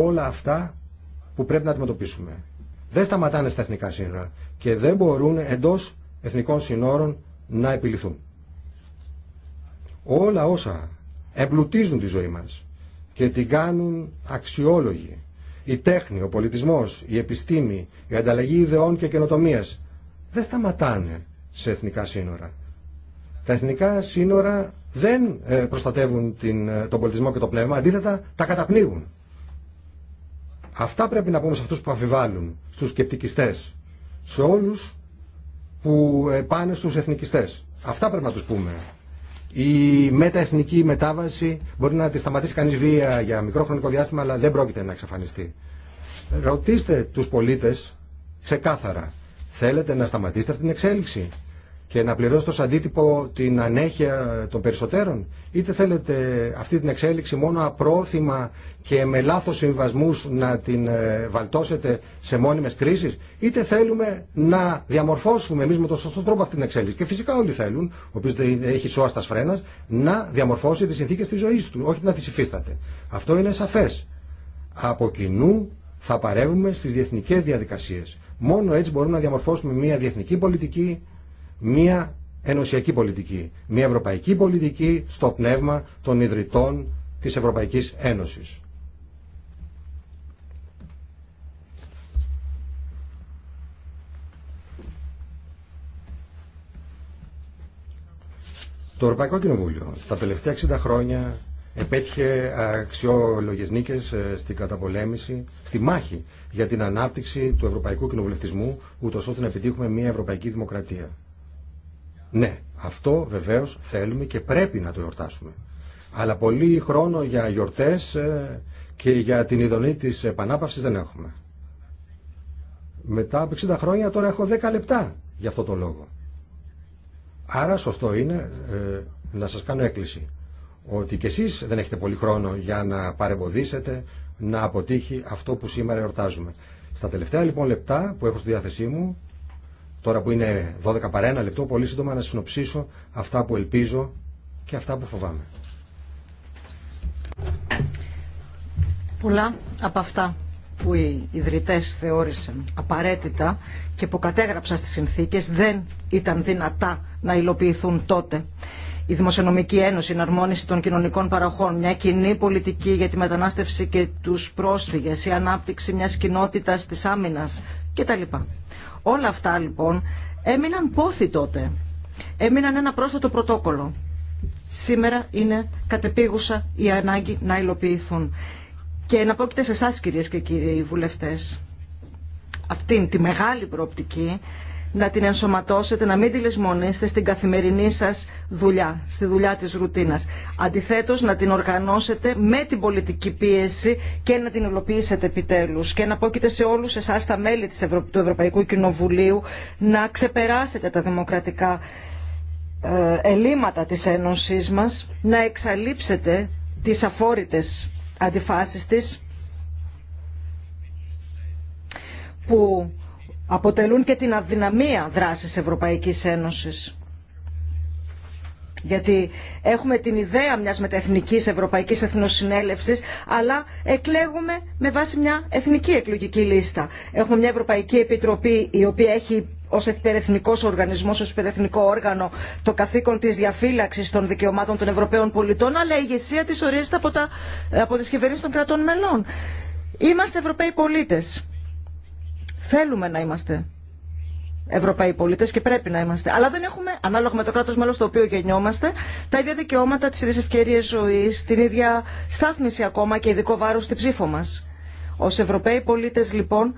Όλα αυτά που πρέπει να αντιμετωπίσουμε. Δεν σταματάνε στα εθνικά σύνορα και δεν μπορούν εντό εθνικών συνόρων να επιληθούν. Όλα όσα εμπλουτίζουν τη ζωή μας και την κάνουν αξιόλογη. Η τέχνη, ο πολιτισμός, η επιστήμη, η ανταλλαγή ιδεών και καινοτομία. δεν σταματάνε σε εθνικά σύνορα. Τα εθνικά σύνορα δεν ε, προστατεύουν την, ε, τον πολιτισμό και το πνεύμα, αντίθετα τα καταπνίγουν. Αυτά πρέπει να πούμε σε αυτούς που αφιβάλλουν, στους σκεπτικιστές, σε όλους που ε, πάνε στους εθνικιστές. Αυτά πρέπει να τους πούμε. Η μεταεθνική μετάβαση μπορεί να τη σταματήσει κανεί βία για μικρό χρονικό διάστημα, αλλά δεν πρόκειται να εξαφανιστεί. Ρωτήστε τους πολίτες ξεκάθαρα, θέλετε να σταματήσετε την εξέλιξη και να πληρώσετε ως αντίτυπο την ανέχεια των περισσότερων είτε θέλετε αυτή την εξέλιξη μόνο απρόθυμα και με λάθος συμβασμούς να την ε, βαλτώσετε σε μόνιμες κρίσεις είτε θέλουμε να διαμορφώσουμε εμείς με τον σωστό τρόπο αυτή την εξέλιξη και φυσικά όλοι θέλουν, ο οποίος έχει σώαστας φρένας να διαμορφώσει τις συνθήκες της ζωής του, όχι να τις υφίσταται αυτό είναι σαφές από κοινού θα παρεύουμε στις διεθνικέ διαδικασίες μόνο έτσι μπορούμε να διαμορφώσουμε μια διεθνική πολιτική μία ενωσιακή πολιτική, μία ευρωπαϊκή πολιτική στο πνεύμα των ιδρυτών της Ευρωπαϊκής Ένωσης. Το Ευρωπαϊκό Κοινοβούλιο τα τελευταία 60 χρόνια επέτυχε αξιόλογες νίκες ε, στην καταπολέμηση, στη μάχη για την ανάπτυξη του ευρωπαϊκού κοινοβουλευτισμού, ούτως ώστε να επιτύχουμε μια ευρωπαϊκή δημοκρατία. Ναι, αυτό βεβαίως θέλουμε και πρέπει να το γιορτάσουμε. Αλλά πολύ χρόνο για γιορτές ε, και για την ειδονή της επανάπαυσης δεν έχουμε. Μετά από 60 χρόνια τώρα έχω 10 λεπτά για αυτό το λόγο. Άρα σωστό είναι ε, να σας κάνω έκκληση ότι και εσείς δεν έχετε πολύ χρόνο για να παρεμποδίσετε να αποτύχει αυτό που σήμερα εορτάζουμε. Στα τελευταία λοιπόν λεπτά που έχω στη διάθεσή μου τώρα που είναι 12 παρά ένα λεπτό, πολύ σύντομα να συνοψίσω αυτά που ελπίζω και αυτά που φοβάμαι. Πολλά από αυτά που οι ιδρυτές θεώρησαν απαραίτητα και που κατέγραψαν στις συνθήκες δεν ήταν δυνατά να υλοποιηθούν τότε. Η Δημοσιονομική Ένωση, η εναρμόνιση των κοινωνικών παροχών, μια κοινή πολιτική για τη μετανάστευση και τους πρόσφυγες, η ανάπτυξη μιας κοινότητας της άμυνας κτλ. Όλα αυτά λοιπόν έμειναν πόθη τότε. Έμειναν ένα πρόσθετο πρωτόκολλο. Σήμερα είναι κατεπίγουσα η ανάγκη να υλοποιηθούν. Και να και σε εσά κύριε και κύριοι βουλευτές αυτήν τη μεγάλη προοπτική να την ενσωματώσετε, να μην τη λησμονήσετε στην καθημερινή σας δουλειά, στη δουλειά της ρουτίνας. Αντιθέτως να την οργανώσετε με την πολιτική πίεση και να την υλοποιήσετε επιτέλους και να πόκειτε σε όλους εσάς τα μέλη της του Ευρωπαϊκού Κοινοβουλίου να ξεπεράσετε τα δημοκρατικά ε, ελλείμματα της Ένωσής μας, να εξαλείψετε τις αφόρητες αντιφάσεις της που αποτελούν και την αδυναμία δράσης Ευρωπαϊκής Ένωσης. Γιατί έχουμε την ιδέα μιας μεταεθνικής Ευρωπαϊκής Εθνοσυνέλευσης, αλλά εκλέγουμε με βάση μια εθνική εκλογική λίστα. Έχουμε μια Ευρωπαϊκή Επιτροπή η οποία έχει ως υπερεθνικός οργανισμός, ως υπερεθνικό όργανο το καθήκον της διαφύλαξης των δικαιωμάτων των Ευρωπαίων πολιτών, αλλά η ηγεσία της ορίζεται από, τα, από τις κυβερνήσεις των κρατών μελών. Είμαστε Ευρωπαίοι πολίτες Θέλουμε να είμαστε Ευρωπαίοι πολίτε και πρέπει να είμαστε. Αλλά δεν έχουμε, ανάλογα με το κράτο μέλο στο οποίο γεννιόμαστε, τα ίδια δικαιώματα, τι ίδιε ευκαιρίε ζωή, την ίδια στάθμιση ακόμα και ειδικό βάρο στη ψήφο μα. Ω Ευρωπαίοι πολίτε, λοιπόν,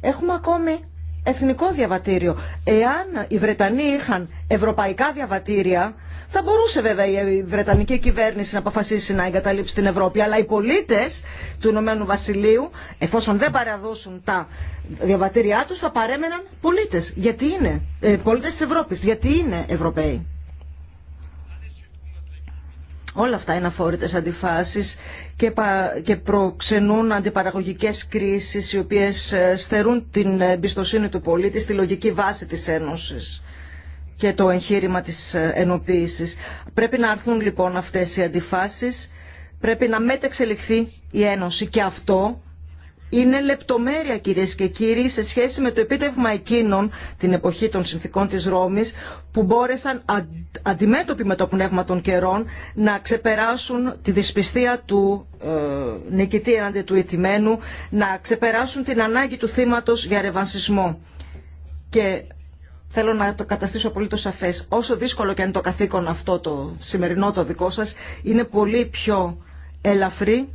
έχουμε ακόμη εθνικό διαβατήριο. Εάν οι Βρετανοί είχαν ευρωπαϊκά διαβατήρια, θα μπορούσε βέβαια η Βρετανική κυβέρνηση να αποφασίσει να εγκαταλείψει την Ευρώπη. Αλλά οι πολίτε του Ηνωμένου Βασιλείου, εφόσον δεν παραδώσουν τα διαβατήριά του, θα παρέμεναν πολίτε. Γιατί είναι ε, πολίτε τη Ευρώπη. Γιατί είναι Ευρωπαίοι. Όλα αυτά είναι αφόρητες αντιφάσεις και, προξενούν αντιπαραγωγικές κρίσεις οι οποίες ε, στερούν την εμπιστοσύνη του πολίτη στη λογική βάση της Ένωσης και το εγχείρημα της ε, ενοποίησης. Πρέπει να αρθούν λοιπόν αυτές οι αντιφάσεις, πρέπει να μετεξελιχθεί η Ένωση και αυτό είναι λεπτομέρεια κυρίες και κύριοι σε σχέση με το επίτευγμα εκείνων την εποχή των συνθήκων της Ρώμης που μπόρεσαν αντιμέτωποι με το πνεύμα των καιρών να ξεπεράσουν τη δυσπιστία του ε, νικητή έναντι του ηττημένου, να ξεπεράσουν την ανάγκη του θύματος για ρεβανσισμό. Και θέλω να το καταστήσω πολύ το σαφές. Όσο δύσκολο και αν το καθήκον αυτό το σημερινό το δικό σας, είναι πολύ πιο ελαφρύ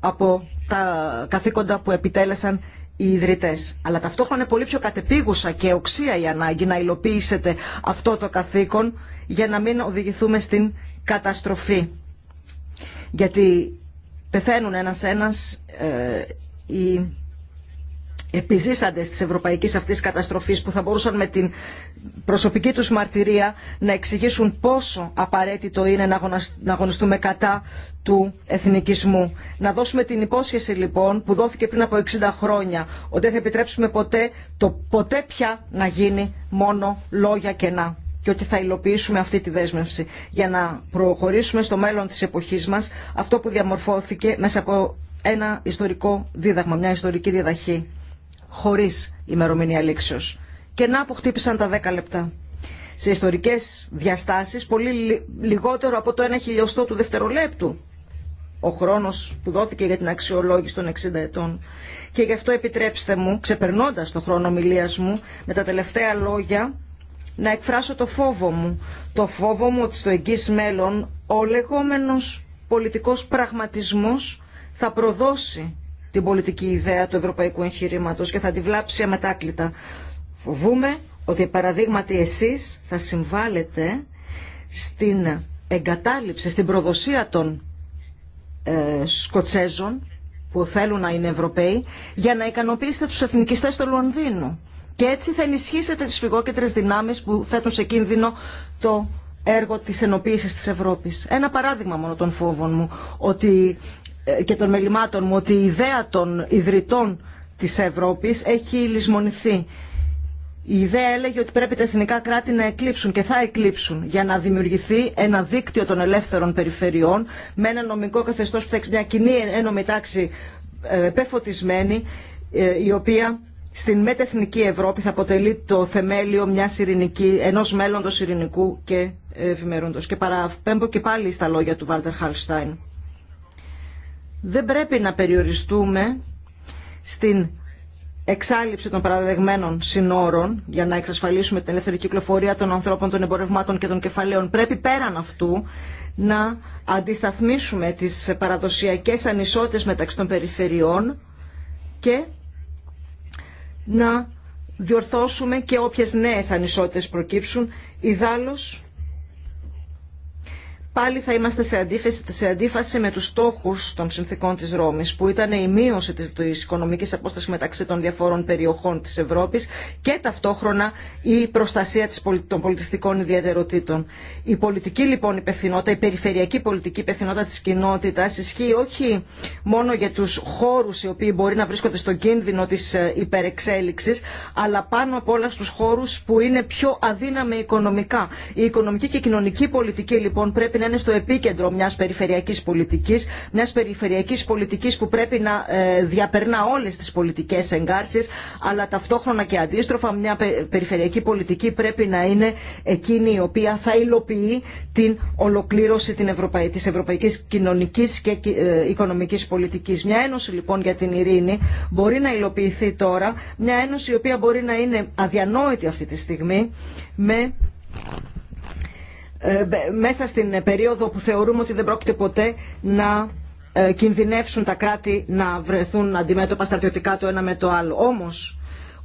από τα καθήκοντα που επιτέλεσαν οι ιδρυτές. Αλλά ταυτόχρονα είναι πολύ πιο κατεπίγουσα και οξία η ανάγκη να υλοποιήσετε αυτό το καθήκον για να μην οδηγηθούμε στην καταστροφή. Γιατί πεθαίνουν ένας-ένας ε, οι επιζήσαντες της ευρωπαϊκής αυτής καταστροφής που θα μπορούσαν με την προσωπική τους μαρτυρία να εξηγήσουν πόσο απαραίτητο είναι να αγωνιστούμε κατά του εθνικισμού. Να δώσουμε την υπόσχεση λοιπόν που δόθηκε πριν από 60 χρόνια ότι δεν θα επιτρέψουμε ποτέ το ποτέ πια να γίνει μόνο λόγια κενά και ότι θα υλοποιήσουμε αυτή τη δέσμευση για να προχωρήσουμε στο μέλλον της εποχής μας αυτό που διαμορφώθηκε μέσα από ένα ιστορικό δίδαγμα, μια ιστορική διαδαχή. Χωρί ημερομηνία λήξεω. Και να αποχτύπησαν τα 10 λεπτά. Σε ιστορικέ διαστάσει, πολύ λιγότερο από το ένα χιλιοστό του δευτερολέπτου ο χρόνο που δόθηκε για την αξιολόγηση των 60 ετών. Και γι' αυτό επιτρέψτε μου, ξεπερνώντα το χρόνο ομιλία μου, με τα τελευταία λόγια, να εκφράσω το φόβο μου. Το φόβο μου ότι στο εγγύ μέλλον ο λεγόμενο πολιτικό πραγματισμό θα προδώσει την πολιτική ιδέα του ευρωπαϊκού εγχειρήματο και θα τη βλάψει αμετάκλητα. Φοβούμε ότι παραδείγματι εσείς θα συμβάλλετε στην εγκατάλειψη, στην προδοσία των ε, Σκοτσέζων που θέλουν να είναι Ευρωπαίοι για να ικανοποιήσετε τους εθνικιστές του Λονδίνου. Και έτσι θα ενισχύσετε τις φυγόκεντρες δυνάμεις που θέτουν σε κίνδυνο το έργο της ενοποίησης της Ευρώπης. Ένα παράδειγμα μόνο των φόβων μου, ότι και των μελημάτων μου ότι η ιδέα των ιδρυτών της Ευρώπης έχει λησμονηθεί. Η ιδέα έλεγε ότι πρέπει τα εθνικά κράτη να εκλείψουν και θα εκλείψουν για να δημιουργηθεί ένα δίκτυο των ελεύθερων περιφερειών με ένα νομικό καθεστώς που θα έχει μια κοινή ένωμη τάξη ε, πεφωτισμένη ε, η οποία στην μετεθνική Ευρώπη θα αποτελεί το θεμέλιο μιας ειρηνική, ενός μέλλοντος ειρηνικού και ευημερούντος. Και παραπέμπω και πάλι στα λόγια του Βάλτερ Χαλστάιν δεν πρέπει να περιοριστούμε στην εξάλληψη των παραδεγμένων συνόρων για να εξασφαλίσουμε την ελεύθερη κυκλοφορία των ανθρώπων, των εμπορευμάτων και των κεφαλαίων. Πρέπει πέραν αυτού να αντισταθμίσουμε τις παραδοσιακές ανισότητες μεταξύ των περιφερειών και να διορθώσουμε και όποιες νέες ανισότητες προκύψουν πάλι θα είμαστε σε αντίφαση, σε αντίφαση με τους στόχους των συνθήκων της Ρώμης που ήταν η μείωση της οικονομικής απόστασης μεταξύ των διαφόρων περιοχών της Ευρώπης και ταυτόχρονα η προστασία των πολιτιστικών ιδιαιτεροτήτων. Η πολιτική λοιπόν υπευθυνότητα, η περιφερειακή πολιτική υπευθυνότητα της κοινότητας ισχύει όχι μόνο για τους χώρους οι οποίοι μπορεί να βρίσκονται στον κίνδυνο της ε, υπερεξέλιξης αλλά πάνω απ' όλα στους χώρους που είναι πιο αδύναμοι οικονομικά. Η οικονομική και η κοινωνική πολιτική λοιπόν πρέπει να είναι στο επίκεντρο μιας περιφερειακής πολιτικής, μιας περιφερειακής πολιτικής που πρέπει να ε, διαπερνά όλες τις πολιτικές εγκάρσεις, αλλά ταυτόχρονα και αντίστροφα μια περιφερειακή πολιτική πρέπει να είναι εκείνη η οποία θα υλοποιεί την ολοκλήρωση τη της ευρωπαϊκής κοινωνικής και ε, οικονομικής πολιτικής. Μια ένωση λοιπόν για την ειρήνη μπορεί να υλοποιηθεί τώρα, μια ένωση η οποία μπορεί να είναι αδιανόητη αυτή τη στιγμή με ε, μέσα στην περίοδο που θεωρούμε ότι δεν πρόκειται ποτέ να ε, κινδυνεύσουν τα κράτη να βρεθούν αντιμέτωπα στρατιωτικά το ένα με το άλλο. Όμως,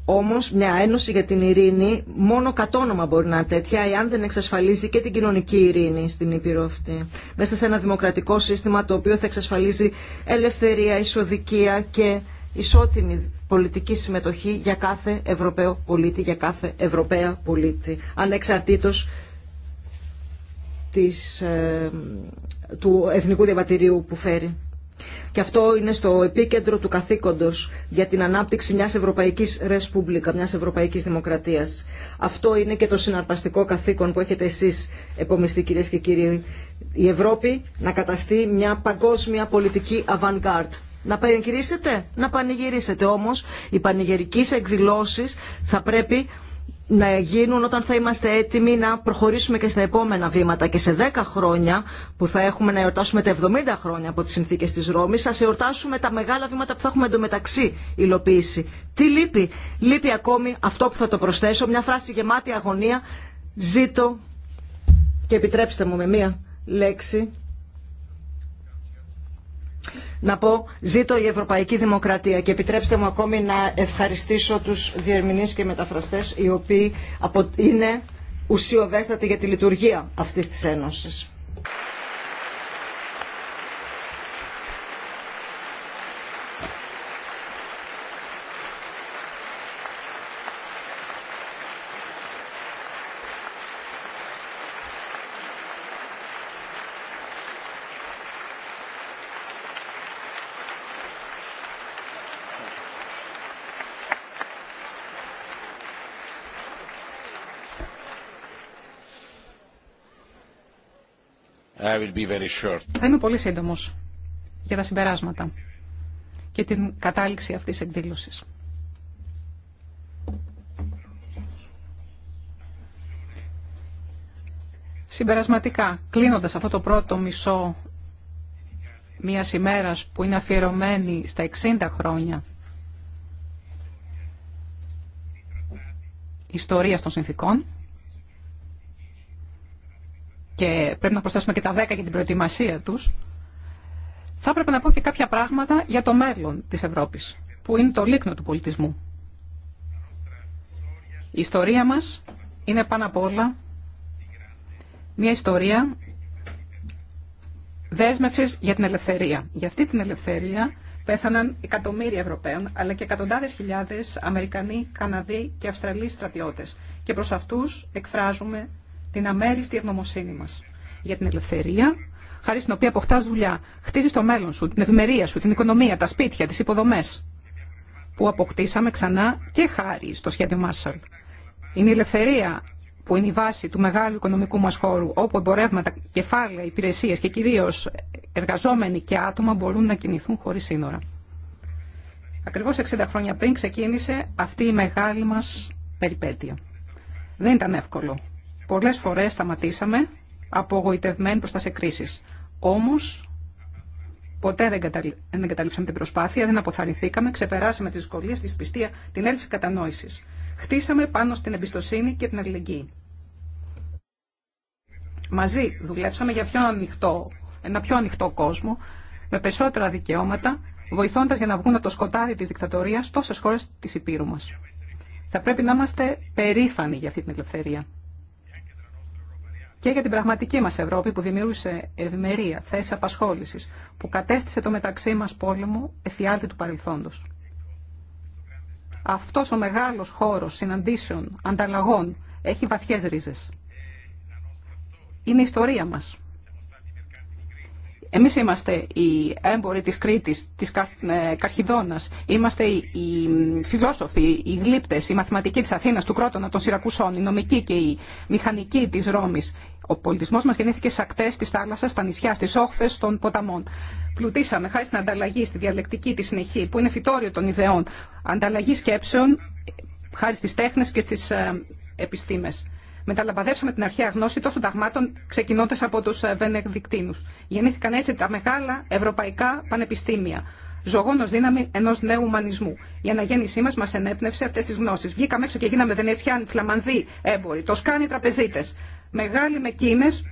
όμως μια ένωση για την ειρήνη μόνο κατόνομα μπορεί να είναι τέτοια εάν δεν εξασφαλίζει και την κοινωνική ειρήνη στην Ήπειρο αυτή. Μέσα σε ένα δημοκρατικό σύστημα το οποίο θα εξασφαλίζει ελευθερία, ισοδικία και ισότιμη πολιτική συμμετοχή για κάθε Ευρωπαίο πολίτη, για κάθε Ευρωπαία πολίτη, ανεξαρτήτως της, ε, του Εθνικού Διαβατηρίου που φέρει. Και αυτό είναι στο επίκεντρο του καθήκοντος για την ανάπτυξη μιας Ευρωπαϊκής Ρεσπούμπλικα, μιας Ευρωπαϊκής Δημοκρατίας. Αυτό είναι και το συναρπαστικό καθήκον που έχετε εσείς, επομιστεί κυρίες και κύριοι. Η Ευρώπη να καταστεί μια παγκόσμια πολιτική avant-garde. Να πανηγυρίσετε, να πανηγυρίσετε όμως. Οι πανηγερικές εκδηλώσεις θα πρέπει να γίνουν όταν θα είμαστε έτοιμοι να προχωρήσουμε και στα επόμενα βήματα. Και σε 10 χρόνια που θα έχουμε να εορτάσουμε τα 70 χρόνια από τις συνθήκες της Ρώμης, θα εορτάσουμε τα μεγάλα βήματα που θα έχουμε εντωμεταξύ υλοποίηση. Τι λείπει. Λείπει ακόμη αυτό που θα το προσθέσω, μια φράση γεμάτη αγωνία. Ζήτω και επιτρέψτε μου με μία λέξη να πω ζήτω η Ευρωπαϊκή Δημοκρατία και επιτρέψτε μου ακόμη να ευχαριστήσω τους διερμηνείς και μεταφραστές οι οποίοι είναι ουσιοδέστατοι για τη λειτουργία αυτής της Ένωσης. Θα είμαι πολύ σύντομος για τα συμπεράσματα και την κατάληξη αυτής της εκδήλωσης. Συμπερασματικά, κλείνοντας αυτό το πρώτο μισό μια ημέρα που είναι αφιερωμένη στα 60 χρόνια ιστορία των συνθήκων, και πρέπει να προσθέσουμε και τα 10 για την προετοιμασία τους, θα έπρεπε να πω και κάποια πράγματα για το μέλλον της Ευρώπης, που είναι το λίκνο του πολιτισμού. Η ιστορία μας είναι πάνω απ' όλα μια ιστορία δέσμευση για την ελευθερία. Για αυτή την ελευθερία πέθαναν εκατομμύρια Ευρωπαίων, αλλά και εκατοντάδε. χιλιάδες Αμερικανοί, Καναδοί και Αυστραλοί στρατιώτε. Και προ αυτού εκφράζουμε την αμέριστη ευγνωμοσύνη μα για την ελευθερία, χάρη στην οποία αποκτά δουλειά, Χτίζει το μέλλον σου, την ευημερία σου, την οικονομία, τα σπίτια, τι υποδομέ. που αποκτήσαμε ξανά και χάρη στο σχέδιο Μάρσαλ. Είναι η ελευθερία που είναι η βάση του μεγάλου οικονομικού μα χώρου, όπου εμπορεύματα, κεφάλαια, υπηρεσίε και κυρίω εργαζόμενοι και άτομα μπορούν να κινηθούν χωρί σύνορα. Ακριβώ 60 χρόνια πριν ξεκίνησε αυτή η μεγάλη μα περιπέτεια. Δεν ήταν εύκολο Πολλές φορές σταματήσαμε απογοητευμένοι προς τα σε κρίσεις. Όμως, ποτέ δεν, καταλ... δεν καταλήψαμε την προσπάθεια, δεν αποθαρρυνθήκαμε, ξεπεράσαμε τις δυσκολίες, τη πιστία την έλλειψη κατανόησης. Χτίσαμε πάνω στην εμπιστοσύνη και την αλληλεγγύη. Μαζί δουλέψαμε για πιο ανοιχτό, ένα πιο ανοιχτό κόσμο, με περισσότερα δικαιώματα, βοηθώντας για να βγουν από το σκοτάδι της δικτατορίας τόσες χώρες της Υπήρου μας. Θα πρέπει να είμαστε περήφανοι για αυτή την ελευθερία και για την πραγματική μας Ευρώπη που δημιούργησε ευημερία, θέσεις απασχόλησης, που κατέστησε το μεταξύ μας πόλεμο εφιάλτη του παρελθόντος. Αυτός ο μεγάλος χώρος συναντήσεων, ανταλλαγών, έχει βαθιές ρίζες. Είναι η ιστορία μας. Εμείς είμαστε οι έμποροι της Κρήτης, της ε, Καρχιδόνας, είμαστε οι φιλόσοφοι, οι γλύπτες, οι μαθηματικοί της Αθήνας, του Κρότονα, των Σιρακουσών, οι νομικοί και οι μηχανικοί της Ρώμης. Ο πολιτισμό μα γεννήθηκε στι ακτέ τη θάλασσα, στα νησιά, στι όχθε των ποταμών. Πλουτίσαμε χάρη στην ανταλλαγή, στη διαλεκτική, τη συνεχή, που είναι φυτόριο των ιδεών, ανταλλαγή σκέψεων, χάρη στι τέχνε και στι ε, επιστήμες. Μεταλαμπαδεύσαμε την αρχαία γνώση τόσων ταγμάτων ξεκινώντα από του ε, Βενεδικτίνου. Γεννήθηκαν έτσι τα μεγάλα ευρωπαϊκά πανεπιστήμια. Ζωγόνο δύναμη ενό νέου ουμανισμού. Η αναγέννησή μα μα ενέπνευσε αυτέ τι γνώσει. Βγήκαμε έξω και γίναμε Βενετσιάνοι, Φλαμανδοί, έμποροι, Τοσκάνοι, τραπεζίτε. Μεγάλοι με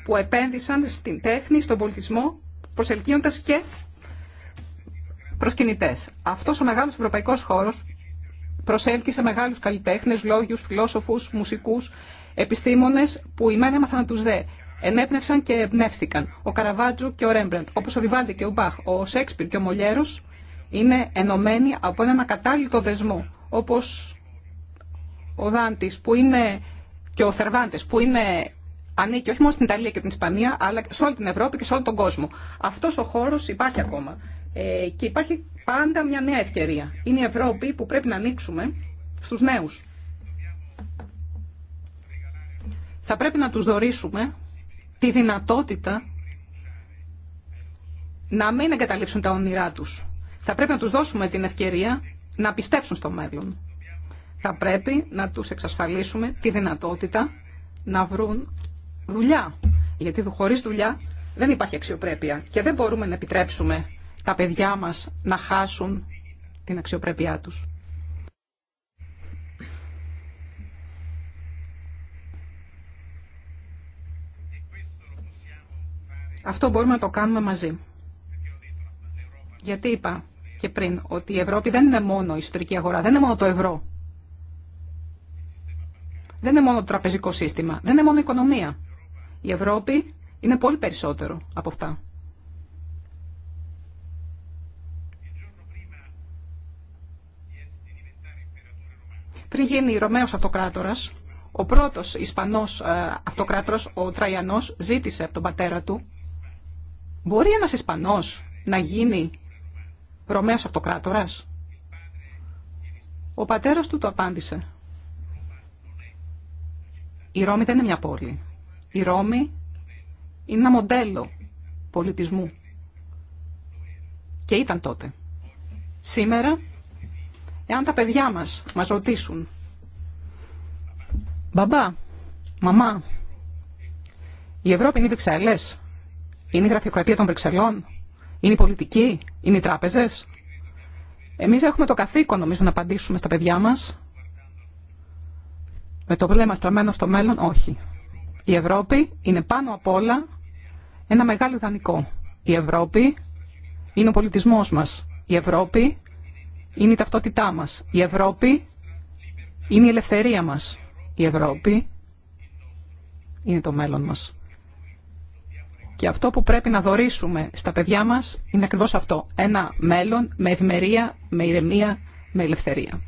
που επένδυσαν στην τέχνη, στον πολιτισμό, προσελκύοντα και προσκυνητέ. Αυτό ο μεγάλο ευρωπαϊκό χώρο προσέλκυσε μεγάλου καλλιτέχνε, λόγιου, φιλόσοφου, μουσικού, Επιστήμονε που η μένα έμαθαν του δε. Ενέπνευσαν και εμπνεύστηκαν. Ο Καραβάτζου και ο Ρέμπραντ, όπω ο Βιβάλτη και ο Μπαχ, ο Σέξπιρ και ο Μολιέρο είναι ενωμένοι από έναν ακατάλληλο δεσμό, όπω ο δάντη, που είναι και ο Θερβάντες που είναι ανήκει όχι μόνο στην Ιταλία και την Ισπανία, αλλά σε όλη την Ευρώπη και σε όλο τον κόσμο. Αυτό ο χώρο υπάρχει ακόμα. Ε, και υπάρχει πάντα μια νέα ευκαιρία. Είναι η Ευρώπη που πρέπει να ανοίξουμε στου νέου. θα πρέπει να τους δωρήσουμε τη δυνατότητα να μην εγκαταλείψουν τα όνειρά τους. Θα πρέπει να τους δώσουμε την ευκαιρία να πιστέψουν στο μέλλον. Θα πρέπει να τους εξασφαλίσουμε τη δυνατότητα να βρουν δουλειά. Γιατί χωρίς δουλειά δεν υπάρχει αξιοπρέπεια και δεν μπορούμε να επιτρέψουμε τα παιδιά μας να χάσουν την αξιοπρέπειά τους. Αυτό μπορούμε να το κάνουμε μαζί. Γιατί είπα και πριν ότι η Ευρώπη δεν είναι μόνο η ιστορική αγορά, δεν είναι μόνο το ευρώ. Δεν είναι μόνο το τραπεζικό σύστημα, δεν είναι μόνο η οικονομία. Η Ευρώπη είναι πολύ περισσότερο από αυτά. Πριν γίνει Ρωμαίος αυτοκράτορας, ο πρώτος Ισπανός ε, αυτοκράτορας, ο Τραϊανός, ζήτησε από τον πατέρα του Μπορεί ένας Ισπανός να γίνει Ρωμαίος αυτοκράτορας. Ο πατέρας του το απάντησε. Η Ρώμη δεν είναι μια πόλη. Η Ρώμη είναι ένα μοντέλο πολιτισμού. Και ήταν τότε. Σήμερα, εάν τα παιδιά μας μας ρωτήσουν «Μπαμπά, μαμά, η Ευρώπη είναι οι είναι η γραφειοκρατία των Βρυξελών. Είναι η πολιτική. Είναι οι τράπεζες. Εμείς έχουμε το καθήκον νομίζω να απαντήσουμε στα παιδιά μας. Με το βλέμμα στραμμένο στο μέλλον, όχι. Η Ευρώπη είναι πάνω απ' όλα ένα μεγάλο ιδανικό. Η Ευρώπη είναι ο πολιτισμός μας. Η Ευρώπη είναι η ταυτότητά μας. Η Ευρώπη είναι η ελευθερία μας. Η Ευρώπη είναι το μέλλον μας. Και αυτό που πρέπει να δωρήσουμε στα παιδιά μας είναι ακριβώς αυτό. Ένα μέλλον με ευημερία, με ηρεμία, με ελευθερία.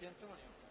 Senti Antonio.